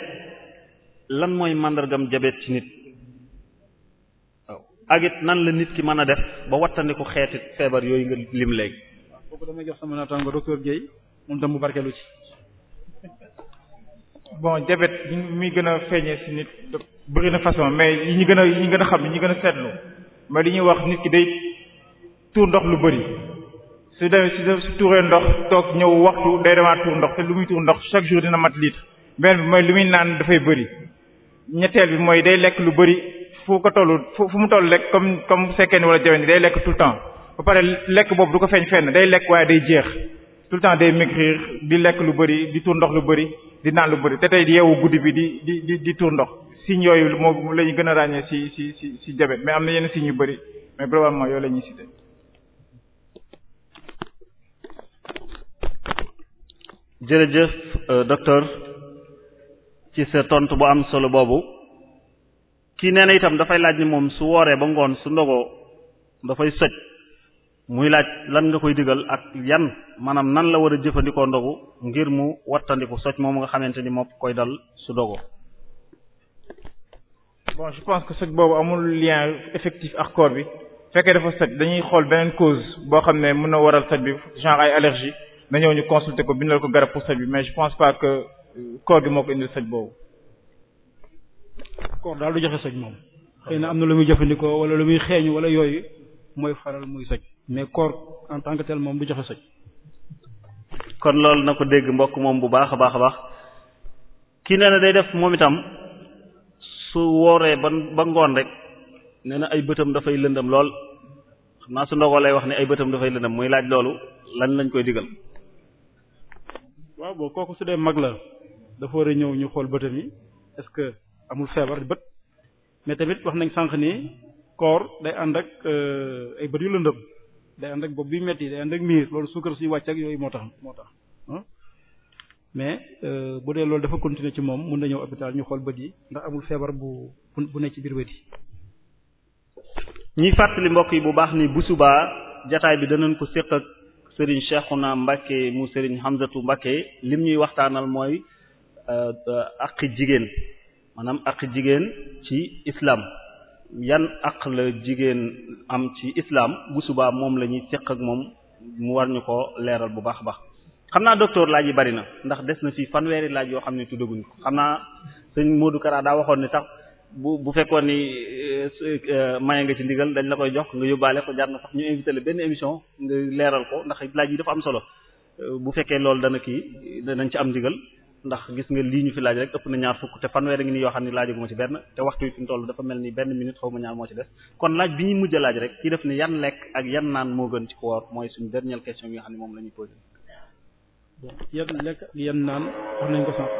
lan mooy màndargam jabet ci nit waaw nan la nit ki mën a def ba ku xeeti feebar yooyu nga lim léegi. waaw kooku damay jox sama naataango docteur Guèye moom tam mu barkeelu ci. bon jabet muy gën a feeñee ci nit. bëri na façon mais yi ñu gën a yi ñu gën a xam yi ñu gën a seetlu. ma li ñuy wax nit ki day tuur ndox lu bëri su dee su tuuree ndox toog ñëw waxtu day demaat tuur ndox te lu muy tuur ndox chaque jour dina mat litre beneen bi mooy lu muy naan dafay bëri ñetteel bi mooy day lekk lu bëri fu ko toll fu mu toll rek comme comme sekkeen wala jawen day lekk tout le temps lekk boobu du ko feeñ fenn day lekk waaye day jeex tout le temps day maigrir di lekk lu bëri di tuur ndox lu bëri di naan lu bëri te tey di guddi bi di di di tuur ndox signes yooyu moo la ñu gën a ràññee ci ci ci ci diabète mais am na yenn signes yu bari mais globalement yooyu la ñuy jërëjëf euh, docteur ci sa tontu bu am solo boobu kii nee na itam dafay laaj ni moom su wooree ba ngoon su ndogoo dafay soj muy laaj lan nga koy digal ak yan maanaam nan la war a jëfandikoo ndogu ngir mu wattandiku soj moom nga xamante ni moo koy dal su ndogoo. bon je pense que sëg boobu amul lien effectif ak corps bi fekkee dafa sëg dañuy xool beneen cause boo xam ne mën na waral sëg bi genre ay allergie na ñëw ñu consulter ko bi bindal ko garab pour sëg bi mais je pense pas que euh, corps gi moo ko indil sëg boobu. corps daal du joxe sëg moom. xëy na am na lu muy jëfandikoo wala lu muy xeeñu wala yooyu mooy faral muy sëg mais corps en tant que tel moom du joxe sëg. kon loolu na ko dégg mbokk moom bu baax a baax a baax kii na day def moom itam. su wooree ba ba ngoon rek nee na ay bëtam dafay lëndëm lool xam naa su ndogoo lay wax ne ay bëtam dafay lëndam muy laaj loolu lan lañ koy digal. waaw boo kooku su dee mag la dafa war a ñëw ñu xool bëtam yi est-ce que amul feebar bët mais tamit wax nañ sànq ni koor day ànd ak euh, ay bët yu lëndëm day ànd ak bopp bi metti day ànd ak miir loolu suukar suy wàcc ak yooyu moo tax moo tax. Ah. mais %e bu dee loolu dafa continuer ci moom mun na ñëw hôpital ñu xool bët yi ndax amul feebar bu bu ne ci biir bët yi [b] ñuy fàttali mbokk yi bu baax ni bu subaa jotaay bi danañ ko séq ak Serigne naa Mbacké mu Serigne Hamzatou Mbacké lim ñuy waxtaanal mooy %e jigéen maanaam àqi jigéen ci islaam yan àq la jigéen am ci islaam busubaa moom la ñuy séq ak moom mu war ñu koo leeral bu baax a baax xam naa docteur laaj yi bari na ndax des na fi fanweeri laaj yoo xam ne tuddaguñ ko xam naa sëñ Modou daa waxoon ni sax bu bu fekkoon ni eh, eh, maye nga ci ndigal dañ la koy jox nga yóbbaale ko jar na sax ñu invité benn émission nga leeral ko ndax laaj yi dafa am solo eh, bu dana kii danañ ci am ndigal lii ñu fi laaj rek ëpp te fanweeri ngi nii yoo xam ne laajaguma ci benn te waxtu wi fi mu mel ni benn minute moo ci des kon laaj bi ñuy laaj rek ci def ni yan lekk ak yan naan moo gën ci ko mooy suñu dernière question moom la ñuy posé bon yan lekk yan naan wax nañ ko sànq